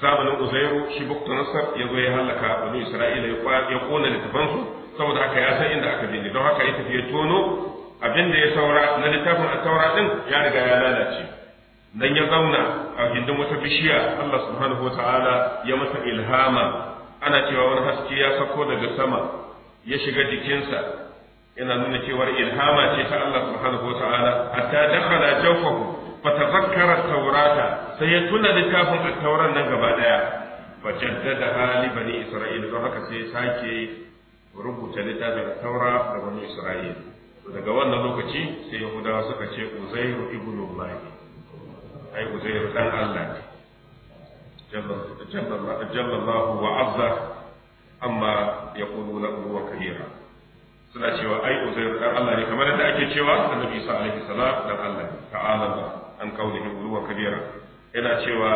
zamanin uzairu shi bukku nasar ya zo ya halaka banu isra'ila ya kona littafansu saboda haka ya san inda aka binne don haka ya tafi ya tono abin da na littafin a taura din ya riga ya lalace dan ya zauna a gindin wata bishiya Allah subhanahu wataala ya masa ilhama ana cewa wani haske ya sako daga sama ya shiga jikinsa yana nuna cewar ilhama ce ta Allah subhanahu wataala hatta dakhala jawfahu فتذكر التوراة سيتون لتافن التوراة نغبا دايا hali bani Isra'ila, don haka sai sake rubuta littafin taura da bani Isra'il daga wannan lokaci sai Yahudawa suka ce Uzairu ibnu Allah ai uzairu dan Allah ne jalla Allah wa azza amma yaquluna huwa kabira suna cewa ai uzairu dan Allah ne kamar yadda ake cewa annabi Isa alaihi salam dan Allah ne ta'ala an kaulihi huwa kabira yana cewa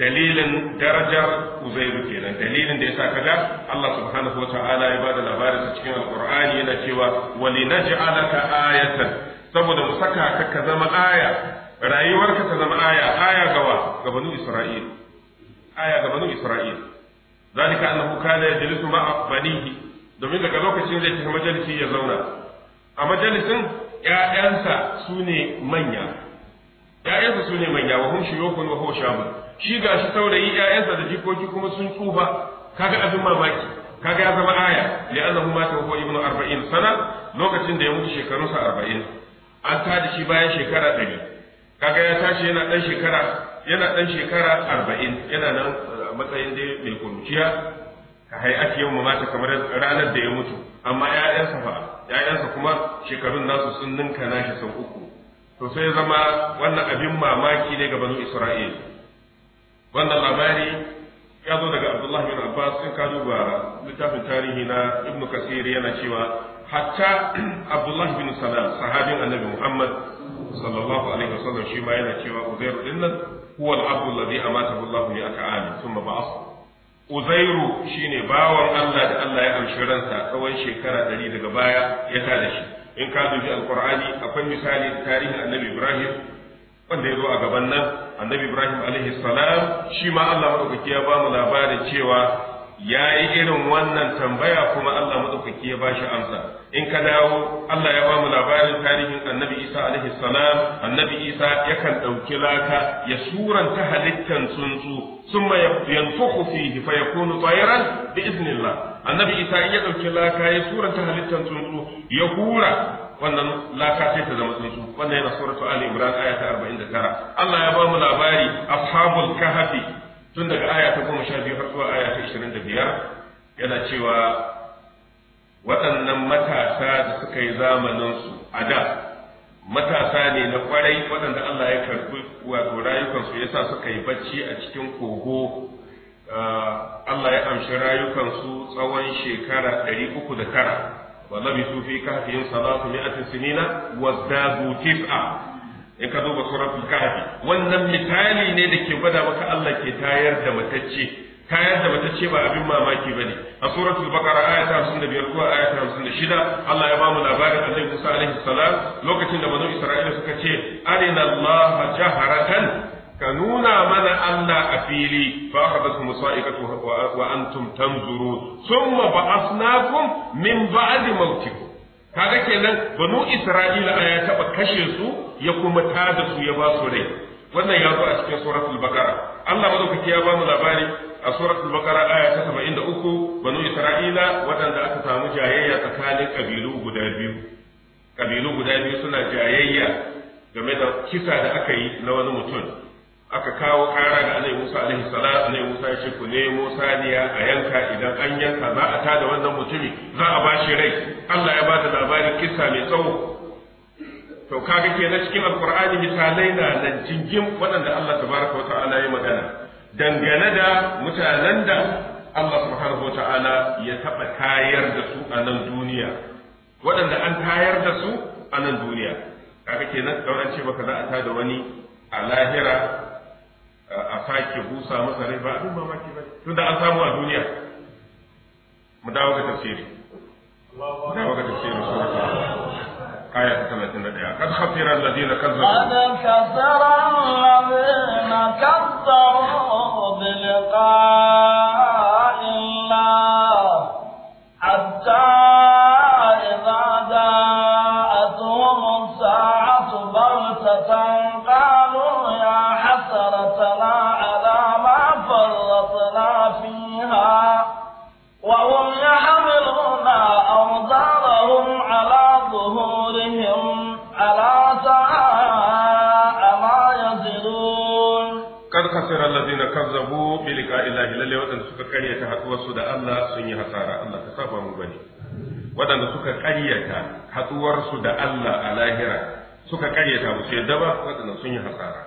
dalilin darajar uzairu kenan dalilin da ya sa kaga Allah subhanahu wata'ala ya bada labarin sa cikin alqur'ani yana cewa walinaj'alaka ayatan saboda mu saka ka zama aya rayuwarka ta zama aya aya gawa ga banu isra'il aya ga banu isra'il zalika annahu kana yajlisu ma'a banihi domin daga lokacin da tafi majalisi ya zauna a majalisin ƴaƴansa su ne manya ƴaƴansa su ne manya wa hum shuyukun wa huwa shabun shi gashi saurayi ƴaƴansa da jikoki kuma sun tsufa kaga abin mamaki kaga ya zama aya annahu mata wa huwa ibnu 40 sana lokacin da ya mutu shekarunsa 40 an tada shi bayan shekara 100 kaga ya tashi yana dan shekara yana dan shekara 40 yana nan matsayin dai mai kunciya ka hayati yau mamata kamar ranar da ya mutu amma ƴaƴansa fa ƴaƴansa kuma shekarun nasu sun ninka nashi sau uku to sai ya zama wannan abin mamaki ne ga banu Isra'il wannan labari ya zo daga Abdullah bin Abbas sai ka duba littafin tarihi na Ibn Kathir yana cewa hatta *clears throat* Abdullah bin Salam sahabin Annabi Muhammad sallallahu alaihi wasallam shi ma yana cewa Uzairu din nan huwa al-abdu alladhi amatahu Allah li ak'am thumma shine bawan Allah da Allah ya amshi ransa tsawon shekara ɗari daga baya ya tada shi in ka dubi alqur'ani akwai misali da tarihin annabi Ibrahim wanda ya zo a gaban nan annabi Ibrahim alaihi salam shi ma Allah madaukaki ya ba mu labarin cewa ya yi irin wannan tambaya kuma Allah maɗaukaki ya ba shi amsa in ka dawo Allah ya ba mu labarin tarihin annabi Isa alaihi salam annabi Isa ya kan ɗauki laka ya suranta halittan tsuntsu summa yanfukhu fihi fa yakunu tayran bi iznillah annabi Isa in ya ɗauki laka ya suranta halittan tsuntsu ya hura wannan laka sai ta zama tsuntsu wannan yana suratu Ali Imran aya ta 49 Allah ya ba mu labari ashabul kahfi tun daga aya ta goma sha biyu har zuwa aya ta ishirin da biyar yana cewa waɗannan matasa da suka yi zamaninsu a da matasa ne na kwarai waɗanda Allah ya karɓi wato rayukansu ya sa suka yi bacci a cikin kogo ah, Allah ya amshi rayukansu tsawon shekara ɗari uku da tara wa labisu fi kahfihim salatu mi'atin sinina wa zabu tif'a in ka duba suratul kahfi wannan misali ne da ke gwada maka Allah ke tayar da matacce tayar da matacce ba abin mamaki bane a suratul baqara aya ta 55 ko aya ta 56 Allah ya ba mu labarin Annabi Musa alaihi salam lokacin da manzon Isra'ila suka ce arina Allah jaharatan ka nuna mana Allah a fili fa akhadakum musa'ikatu wa antum tanzurun thumma ba'athnakum min ba'di mautikum kaga kenan banu isra'ila ya taba kashe su ya kuma da su ya ba su rai wannan ya zo a cikin suratul baqara Allah madaukaki ya ba mu labari a suratul baqara aya ta 73 banu isra'ila waɗanda aka samu jayayya tsakanin kabilu guda biyu kabilu guda biyu suna jayayya game da kisa da aka yi na wani mutum aka kawo kara ga annabi Musa alaihi salam annabi Musa ya ce ku nemo saniya a yanka idan an yanka za a tada wannan mutumi za a bashi rai Allah ya bada labarin kissa mai tsawo to kaga ke na cikin alqur'ani misalai na nan jingim waɗanda Allah tabaraka wa ta'ala ya magana dangane da mutanen da Allah subhanahu wa ta'ala ya taɓa tayar da su a nan duniya waɗanda an tayar da su a nan duniya kaga kenan na an ce baka za a tada wani a lahira a sake busa masa rai ba abin mamaki ba tunda an samu a duniya mu dawo ga tafsiri mu dawo ga tafsiri آية 31 قد خسر kafaru bi lalle wadanda suka karyata haduwar su da Allah sun yi hasara Allah ka saba mu bane wadanda suka karyata haduwar da Allah a lahira suka karyata musu yadda ba wadanda sun yi hasara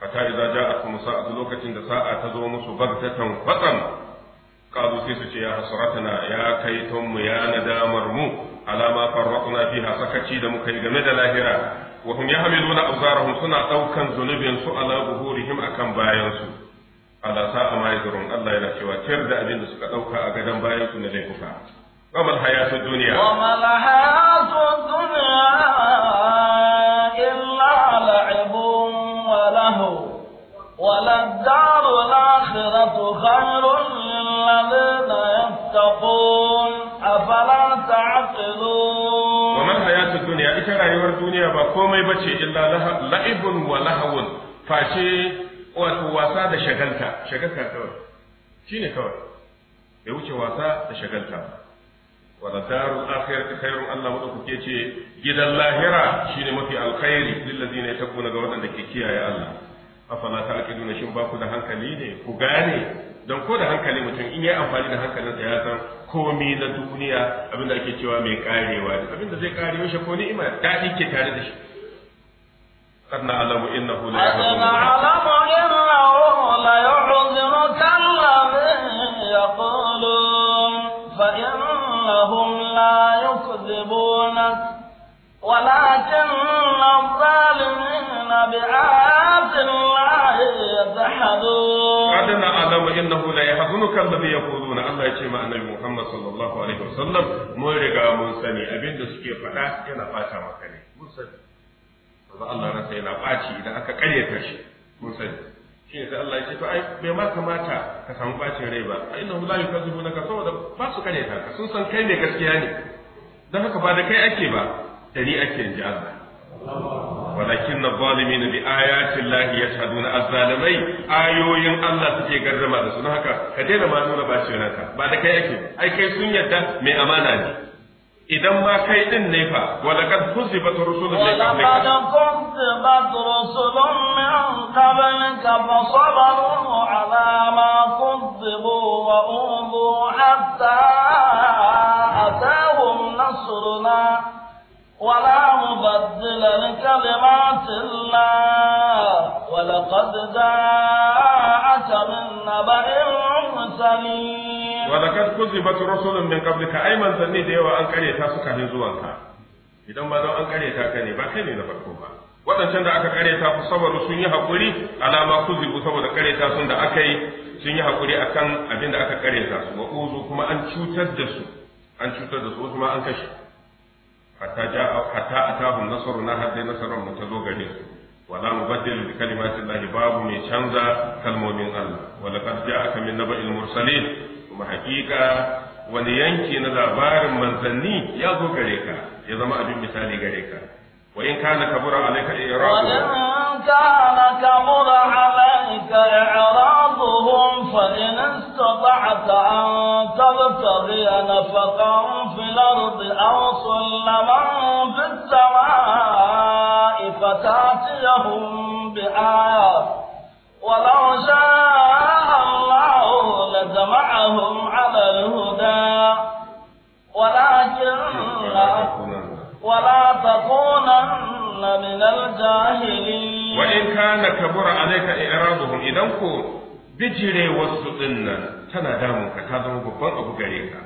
fata idza ja'akum sa'atu lokacin da sa'a ta zo musu bagtatan fatan kazu sai su ce ya hasratana ya kaiton mu ya nadamar mu alama farraqna fiha sakaci da muka yi game da lahira hum yahmiluna suna suna daukan كان su ala buhurihim kan bayansu. ala sa'a ma yazurun Allah yana cewa kyar da abin da suka dauka a gadon bayan su na laifuka wa mal hayatu dunya wa mal hayatu dunya illa la'ibun wa lahu wa lad-daru al-akhiratu khairun lil-ladina yattaqun afala ta'qilun wa mal hayatu dunya ita rayuwar duniya ba komai bace illa la'ibun wa lahawun face wato wasa da shagalta shagalta kawai shine kawai bai wuce wasa da shagalta wa da daru ta khairu Allah mutu kuke ce gidan lahira shine mafi alkhairi lil ladina kuna ga wadanda ke kiyaye Allah afala ta'qiluna shin ba ku da hankali ne ku gane dan ko da hankali mutum in yi amfani da hankalin sa ya san komai na duniya abinda ake cewa mai karewa abinda zai kare mishi ko ni'ima dadi ke tare da shi قد نعلم إنه لا نعلم إنه ليحزنك الذي يقولون فإنهم لا يكذبونك ولكن الظالمين بآيات الله يجحدون قد نعلم إنه ليحزنك الذي يقولون الله يجمع النبي محمد صلى الله عليه وسلم mun riga mun sani abin da suke faɗa yana ɓata maka ne mun sani Ba Allah rasa yana ɓaci idan aka ƙaryata shi mun sani shi ne sai Allah ya ce to ai bai ma kamata ka samu ɓacin rai ba A ai nan la yukazibu naka saboda ba su ƙaryata ka sun san kai ne gaskiya ne dan haka ba da kai ake ba da ni ake in ji Allah ayatin lahi ya shaɗu na azalimai ayoyin Allah suke garrama da su haka ka daina ma nuna ɓacin ranka ba da kai ake ai kai sun yarda mai amana ne idan ma kai din ne fa walaqad kuzibat rusulun min qablika walaqad kuzibat rusulun min qablika fasabaru ala ma kuzibu wa umdu hatta atahum nasruna ولا مبدل لكلمات الله ولقد جاءت من نبأ المرسلين ولقد كذبت رسل من قبلك أي من سني ديوا أن قريتا سكان زوانك idan ba don an karyata ka ne ba kai ne na farko ba waɗancan da aka karyata ku saboda sun yi haƙuri alama ku zubu saboda karyata sun da aka yi sun yi haƙuri akan abin da aka karyata su wa uzu kuma an cutar da su an cutar da su wasu ma an kashe hatta ja'a nasarar atahum nasruna hadda nasrun mu zo gare su wala mubaddilu bi kalimati llahi babu mai canza kalmomin Allah wala qad ja'aka min naba'il mursalin kuma hakika wani yanki na labarin manzanni ya zo gare ka ya zama abin misali gare ka wa in kana kabura alayka i'rabu wa in kana kabura alayka i'rabuhu فإن استطعت أن تبتغي نفقا في الأرض أو سلما في السماء فتأتيهم بآية ولو شاء الله لجمعهم على الهدى ولكن ولا تكونن من الجاهلين وإن كان كبر عليك إعراضهم إذا كنت bijire wasu ɗin nan tana damun ka ta zama babban abu gare ka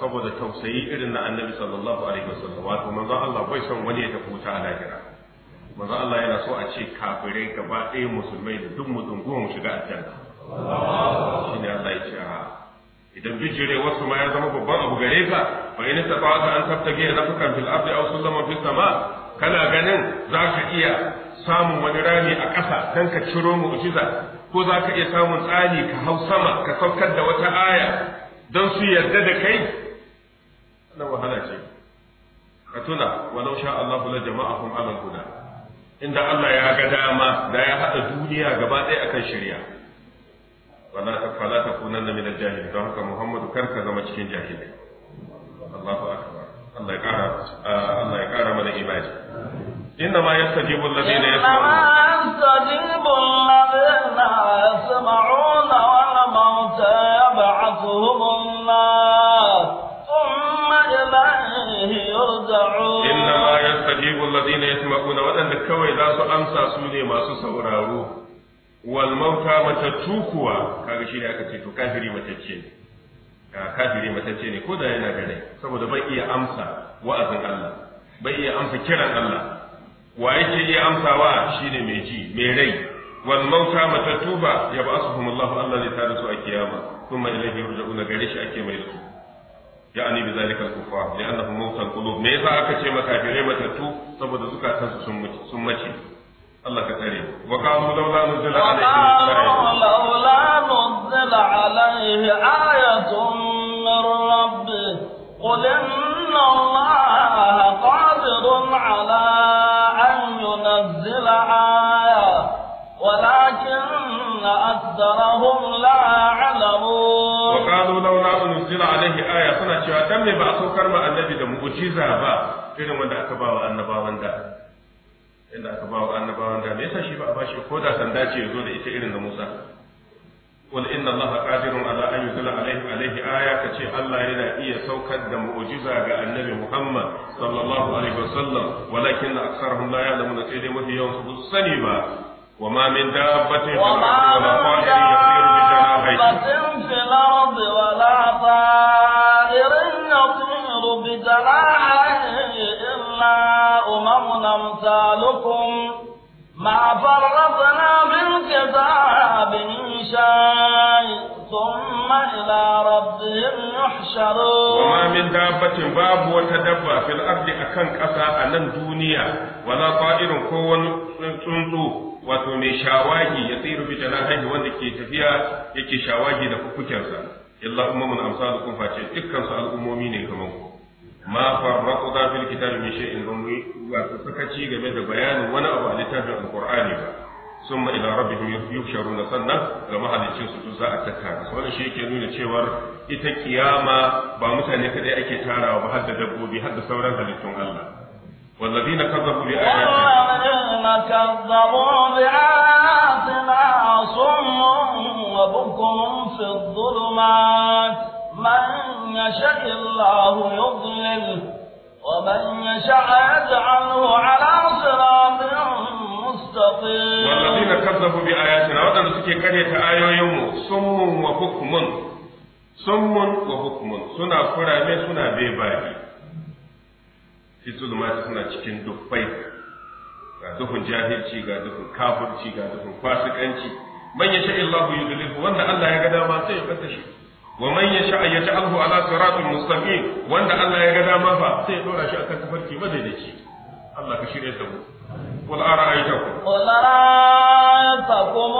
saboda tausayi irin na annabi sallallahu alaihi wasallam wato manzo Allah bai son wani ya tafi wuta a lahira manzon Allah yana so a ce kafirai gaba ɗaya musulmai da duk mutum goma shiga aljanna shine Allah ya ce idan bijire wasu ma ya zama babban abu gare ka fa in tabata an tabtage nafkan fil ardi aw sallama fis sama kana ganin za ka iya samun wani rami a ƙasa don ka ciro mu'jiza ko za ka iya samun tsani ka hau sama ka saukar da wata aya don su yarda da kai na wahala ce ka tuna walau sha Allahu la jama'ahum ala guda. inda Allah ya ga dama da ya hada duniya gaba ɗaya akan shirya. wala ta fala ta da min don haka Muhammadu kar ka zama cikin jahilai Allahu akbar Allah ya kara ah, Allah ya kara mana imani إنما يستجيب الذين يسمعون إنما يستجيب الذين يسمعون والموتى يبعثهم الله ثم إليه يرجعون إنما يستجيب الذين يسمعون وأن كوي ذات أمسى سوني ما سسوراه والموتى متتوكوا kaga shi ne aka ce to kafiri matacce ne kafiri matacce ne ko da yana gare saboda bai iya amsa wa'azin Allah bai iya amsa kiran Allah wa yake iya amsawa ne mai ji mai rai wal mauta matattu matatuba ya ba'asuhum Allah Allah ne tare su a kiyama kuma ilaihi yurja'una gare shi ake mai su ya'ani bi zalika al-kuffar li'annahu mautal qulub me yasa aka ce makafirai matattu saboda zukatansu sun mutu sun mace Allah ka tsare wa qalu laula nuzila alayhi laula nuzila alayhi ayatun min rabbih qul inna Allah qadirun ala الآية ولكن أكثرهم لا يعلمون وقالوا لولا عليه آية suna cewa dan me ba a saukar ma annabi da mu'jiza ba irin wanda aka ba wa annabawan da inda aka ba wa annabawan da me yasa shi ba a bashi ko da sanda ce ya zo da ita irin da Musa قل إن الله قادر على أن يزل عليه عليه آية كشي الله إلى إيه سوكت دم معجزة النبي محمد صلى الله عليه وسلم ولكن أكثرهم لا يعلمون سيدي وهي يوسف السليمة وما من دابة في الأرض ولا طائر يطير بجناحيه في الأرض ولا طائر يطير بجناحيه إلا أمم أمثالكم ما فرطنا في الكتاب من شيء ثم إلى ربهم يحشرون وما من دابة باب وتدبى في الأرض أكن كسا أن الدنيا ولا طائر كون تنطو wato mai shawagi ya tsiru bi janahihi wanda ke tafiya yake shawagi da kukukensa illa ummamun amsalukum face dukkan su al'ummomi ne kamar ku ma farraqna fil kitabi min shay'in ban yi wato sakaci game da bayanin wani abu a littafin alqur'ani ba summa ila rabbihim yuhsharuna sannan ga mahalicin su za a tattara su shi yake nuna cewar ita kiyama ba mutane kaɗai ake tarawa ba har da dabbobi har da sauran halittun Allah والذين na بآياتنا كذبوا بآياتنا صم وبكم في Manya sha illah olugbe wa manya sha ayyajan al'adar al'amuran Al'amdi na Mustapha. Wa Al-al'adina kan zahafi a yashina, waɗanda suke karyata ayoyinmu, tsamman wa hukuman suna furame suna bai baɗi. Fitsul masu suna cikin duk fyaɗe, kafin jahilci, kafin ci, kafin kwasiƙanci. Manya sha illah olugbe. Wanda Allah ya ga da wasu sai ya fita shuku. ومن يشاء يجعله على صراط مستقيم وان الله يغدا ما فا سي دورا شي اكن تفكي ما ديدشي الله كشير يسمو قل ارى ايتكم قل ارى ايتكم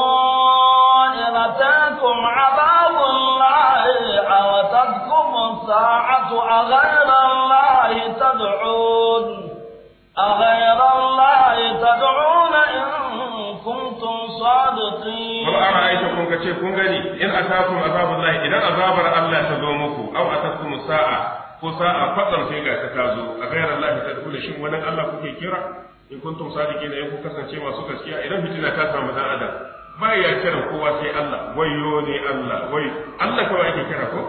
ان اتاكم عذاب الله او تذكم الساعه اغير الله تدعون اغير الله تدعون ان kuntum sadiqin wal ara'ayta kun ka ce kun gani in atakum azabullahi idan azabar Allah ta zo muku aw atakum sa'a ko sa'a fadar sai ga ta tazo a gairar Allah ta dole shin wani Allah kuke kira in kuntum sadiqin ne ku kasance masu gaskiya idan fitina ta samu dan adam ba ya kira kowa sai Allah wayo ne Allah wai Allah kawai ake kira ko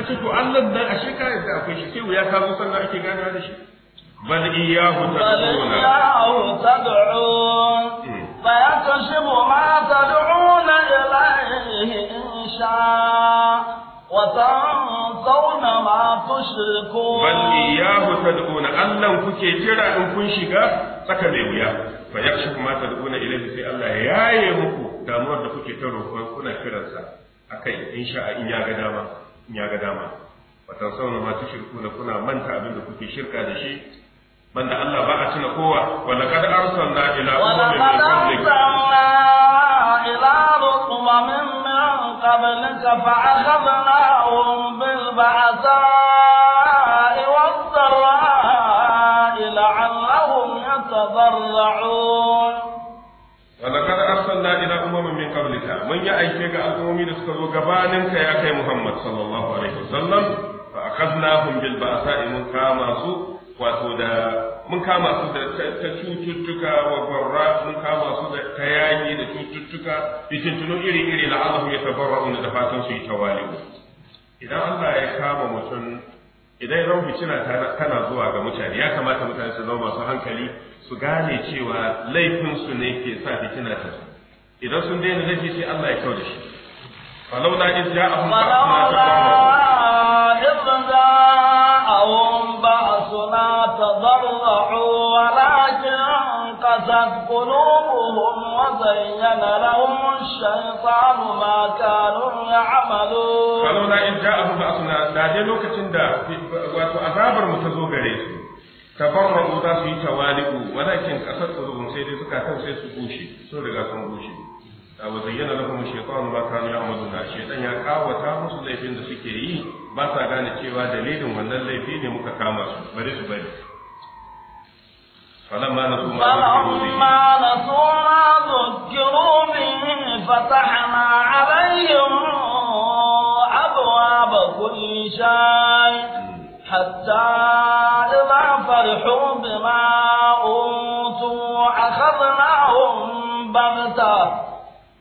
kace to Allah nan ashe ka yadda akwai shi sai ya kawo sannan ake gana da shi bal iyahu tad'un bal iyahu tad'un فيكشف ما تدعون إليه إن شاء وتنسون ما تشركون بل إياه تدعون أنه كي ترى إن كن شكا سكن فيكشف ما تدعون إليه في الله يا يهوكو damuwar da kuke ta roƙo kuna kiransa in sha in ya ga dama in ya ga dama wata sauna ma ta kuna manta abin da kuke shirka da shi banda Allah ba a tuna kowa wala kad arsalna ila umamin min qablik ila umamin min qablik fa akhadnahum bil ba'sa'i wad dharra'i la'allahum yatadarra'un wala kad arsalna ila umamin min qablik mun yi aike ga al'ummi da suka zo gabaninka ya kai Muhammad sallallahu alaihi wasallam fa akhadnahum mun kama su wato da mun kama su da ta cututtuka wa barra mun kama su da ta yaki da cututtuka tunu iri-iri Allah ya wanda da fatan su yi tawali'u idan Allah ya kama mutum idan ran tana zuwa ga mutane ya kamata mutane su zama masu hankali su gane cewa laifin su ne ke sa fitina ta idan sun daina laifi sai Allah ya da shi falaula in ja'ahum rahmatun تضرعوا ولكن قست قلوبهم وزين لهم الشيطان ما كانوا يعملون فلولا إن جاءهم بأسنا لا دي لوكتين دا واتو أذابر متزو غريسو tabarra'u za su yi tawali'u walakin kasar qulubum sai dai zukatan sai su bushe sun riga sun bushe wa zayyana lahum shaytanu ma kanu ya kawata musu laifin da suke yi ba sa gane cewa dalilin wannan laifi ne muka kama su bari su bari فلما نسوا ما ذكروا به فتحنا عليهم أبواب كل شيء حتى إذا فرحوا بما أوتوا أخذناهم بغتة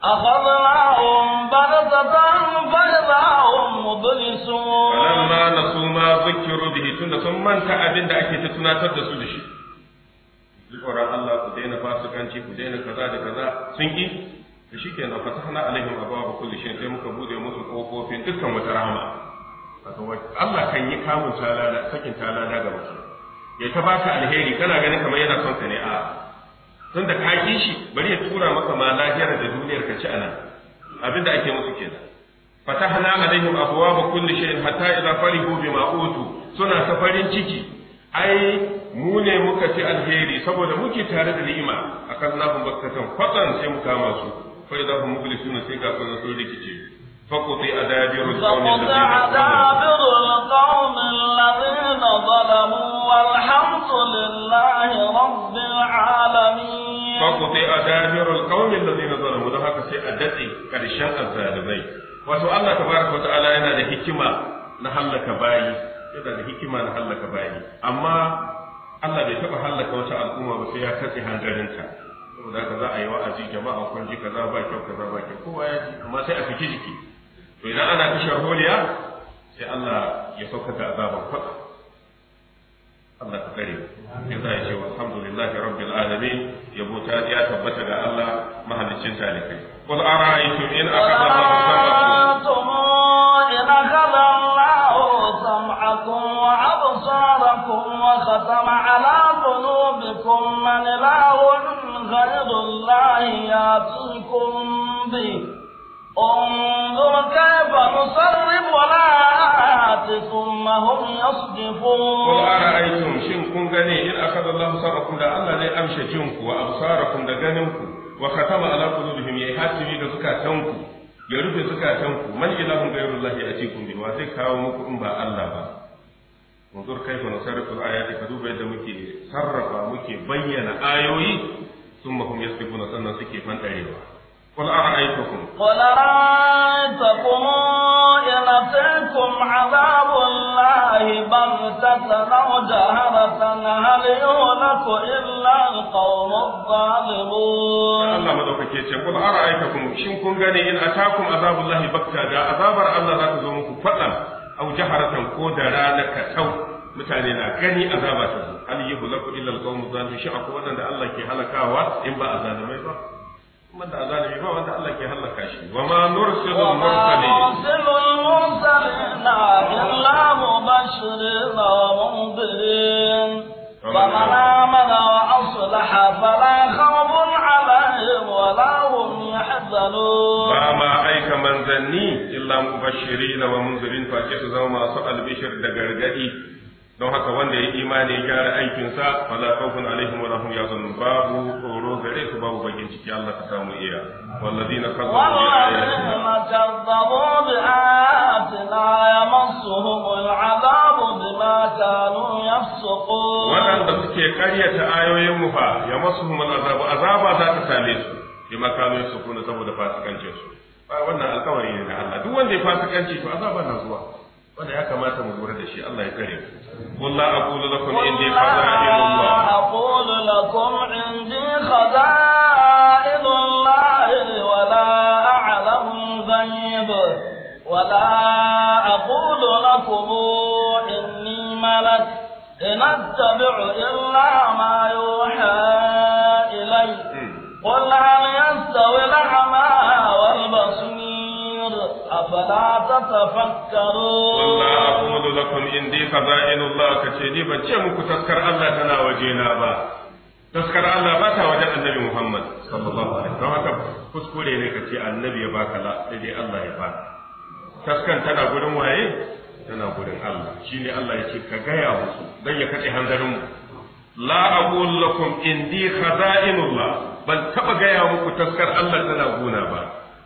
أخذناهم بغتة فإذا هم فلما نسوا ما ذكروا به ثم انتهى بنت أكيد تناتر دسو ji tsoron Allah ku daina fasikanci ku daina kaza da kaza sun ki to ta hana alaihim abwaaba kulli shay sai muka bude musu kofofin dukkan wata rahama Allah kan yi kamun talala sakin talala ga mutum ya ta baka alheri kana ganin kamar yana son ka ne a tun da ka shi bari ya tura maka ma lahiyar da duniyar ka ci anan abin da ake musu kenan hana alaihim abwaaba kulli shay'in hatta idza farihu bima utu suna safarin ciki ai mu ne muka ci alheri saboda muke tare da ni'ima akan nahum baktatan kwatsan sai mu kama su fa idza hum mublisuna sai ga sun sun rikice فقطع دابر القوم الذين ظلموا والحمد لله رب العالمين فقطع دابر القوم na zalamu, ده haka sai a datse karshen azzalimai wato Allah tabaraka wa ta'ala yana da hikima na hallaka bayi yana da hikima na hallaka bayi amma Allah bai taɓa hallaka wata al'umma ba sai ya katse hanzarinta saboda haka za a yi wa'azi jama'a kun ji kaza ba kyau kaza ba kyau kowa ya ji amma sai a fiki jiki to idan ana kashe holiya sai Allah ya sauka da azaban faɗa Allah ka kare sai za ya ce alhamdulillahi rabbil alamin yabo ta ya tabbata ga Allah mahaliccin talikai qul ara'aytum in akhadha Allahu أم إله غير الله يأتيكم به انظر كيف نصرف الآيات ثم هم يصدفون قل أرأيتم شن كن غني إن أخذ الله سركم دا الله لي أمشى جنكم وأبصاركم دا غنمكم وختم على قلوبهم يحاتمي دا زكاتنكم ya rufe zukatanku man ilahun gairun lahi a cikin wa zai kawo muku in ba Allah ba manzur kai ko nasara kul ayati ka duba yadda muke sarrafa muke bayyana ayoyi sun mafi yasbiku na sannan suke fantarewa kul ara'aytukum kul ara'aytukum in atakum azabu allahi bam tasrahu jaharatan hal yunaku illa alqawmu adh-dhalimun Allah madaukake ce kul ara'aytukum shin kun gane in atakum azabu allahi bakka azabar Allah za ta zo muku faɗan. أو جهرة كودا لك سو متعلينا كني أذابا سو هل يهلك إلا القوم الظالمين شعر قوانا دا الله كي حلقا وات إن با أذانا ما دا وما نرسل المرسلين وما نرسل المرسلين إلا مبشرين ومنذرين فمن آمن وأصلح فلا خوف عليهم ولا هم يحزنون فما أيك منزلني إلا مبشرين ومنذرين فأكيس زوما سؤال بشر دقرقائي don haka wanda ya imani ya gyara aikinsa fala khawfun alaihim wala hum yahzanun babu tsoro gare su babu bakin ciki Allah ka samu iya walladina kazzabu bi ayatina kazzabu bi ayatina yamassuhum al'adabu bima kanu yafsuqun wanda suke karyata ayoyin mu fa yamassuhum al'adabu azaba za ta same su bima kanu yasukuna saboda fasikancin su ba wannan alkawari ne na Allah duk wanda ya fasikanci to azaba na zuwa wanda ya kamata mu lura da shi Allah ya kare قل لا أقول لكم عندي خزائن الله أقول لكم عندي خزائن الله ولا أعلم الغيب ولا أقول لكم إني ملك إن أتبع إلا ما يوحى إليّ قل هل يستوي الأعمى والبصير أفلا تتفكرون والله أقول لكم إني خزائن الله كتيني بجمك تذكر الله تنا وجينا با taskar Allah ba ta wajen annabi Muhammad sallallahu alaihi don haka kuskure ne kace annabi ya baka la sai Allah ya baka tana gurin waye tana gurin Allah Allah ya ce ka gaya musu dan ya kace hanzarin mu la aqul lakum indi khaza'inullah ban taba gaya muku taskar Allah tana gona ba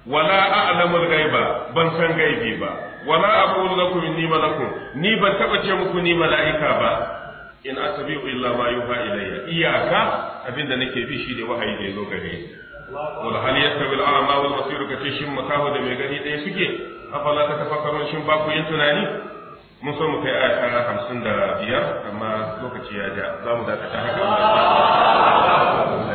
wala a'lamul ghaiba ban san gaibi ba wala aqul lakum inni malakun ni ban taba ce muku ni mala'ika ba in attabi'u illa ma yuha ilayya iyaka abinda nake bi shi da wahayi da yazo gare ni wala hal yastawi al a'ma wal basir kace shin makahu da mai gani dai suke afala ta tafakkaru shin ba ku yin tunani mun so mu kai aya hamsin da biyar amma lokaci ya ja za mu dakata haka *laughs*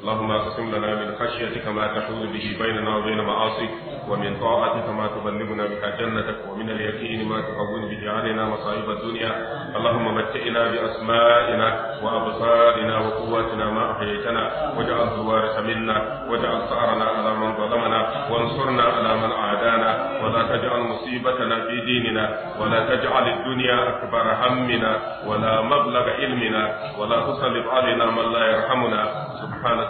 اللهم اقسم لنا من خشيتك ما تحول به بيننا وبين معاصيك ومن طاعتك ما تبلغنا بها جنتك ومن اليقين ما تهون به علينا مصائب الدنيا اللهم متئنا باسمائنا وابصارنا وقواتنا ما احييتنا واجعل الوارث منا واجعل ثارنا على من ظلمنا وانصرنا على من عادانا ولا تجعل مصيبتنا في ديننا ولا تجعل الدنيا اكبر همنا ولا مبلغ علمنا ولا تسلط علينا من لا يرحمنا سبحانك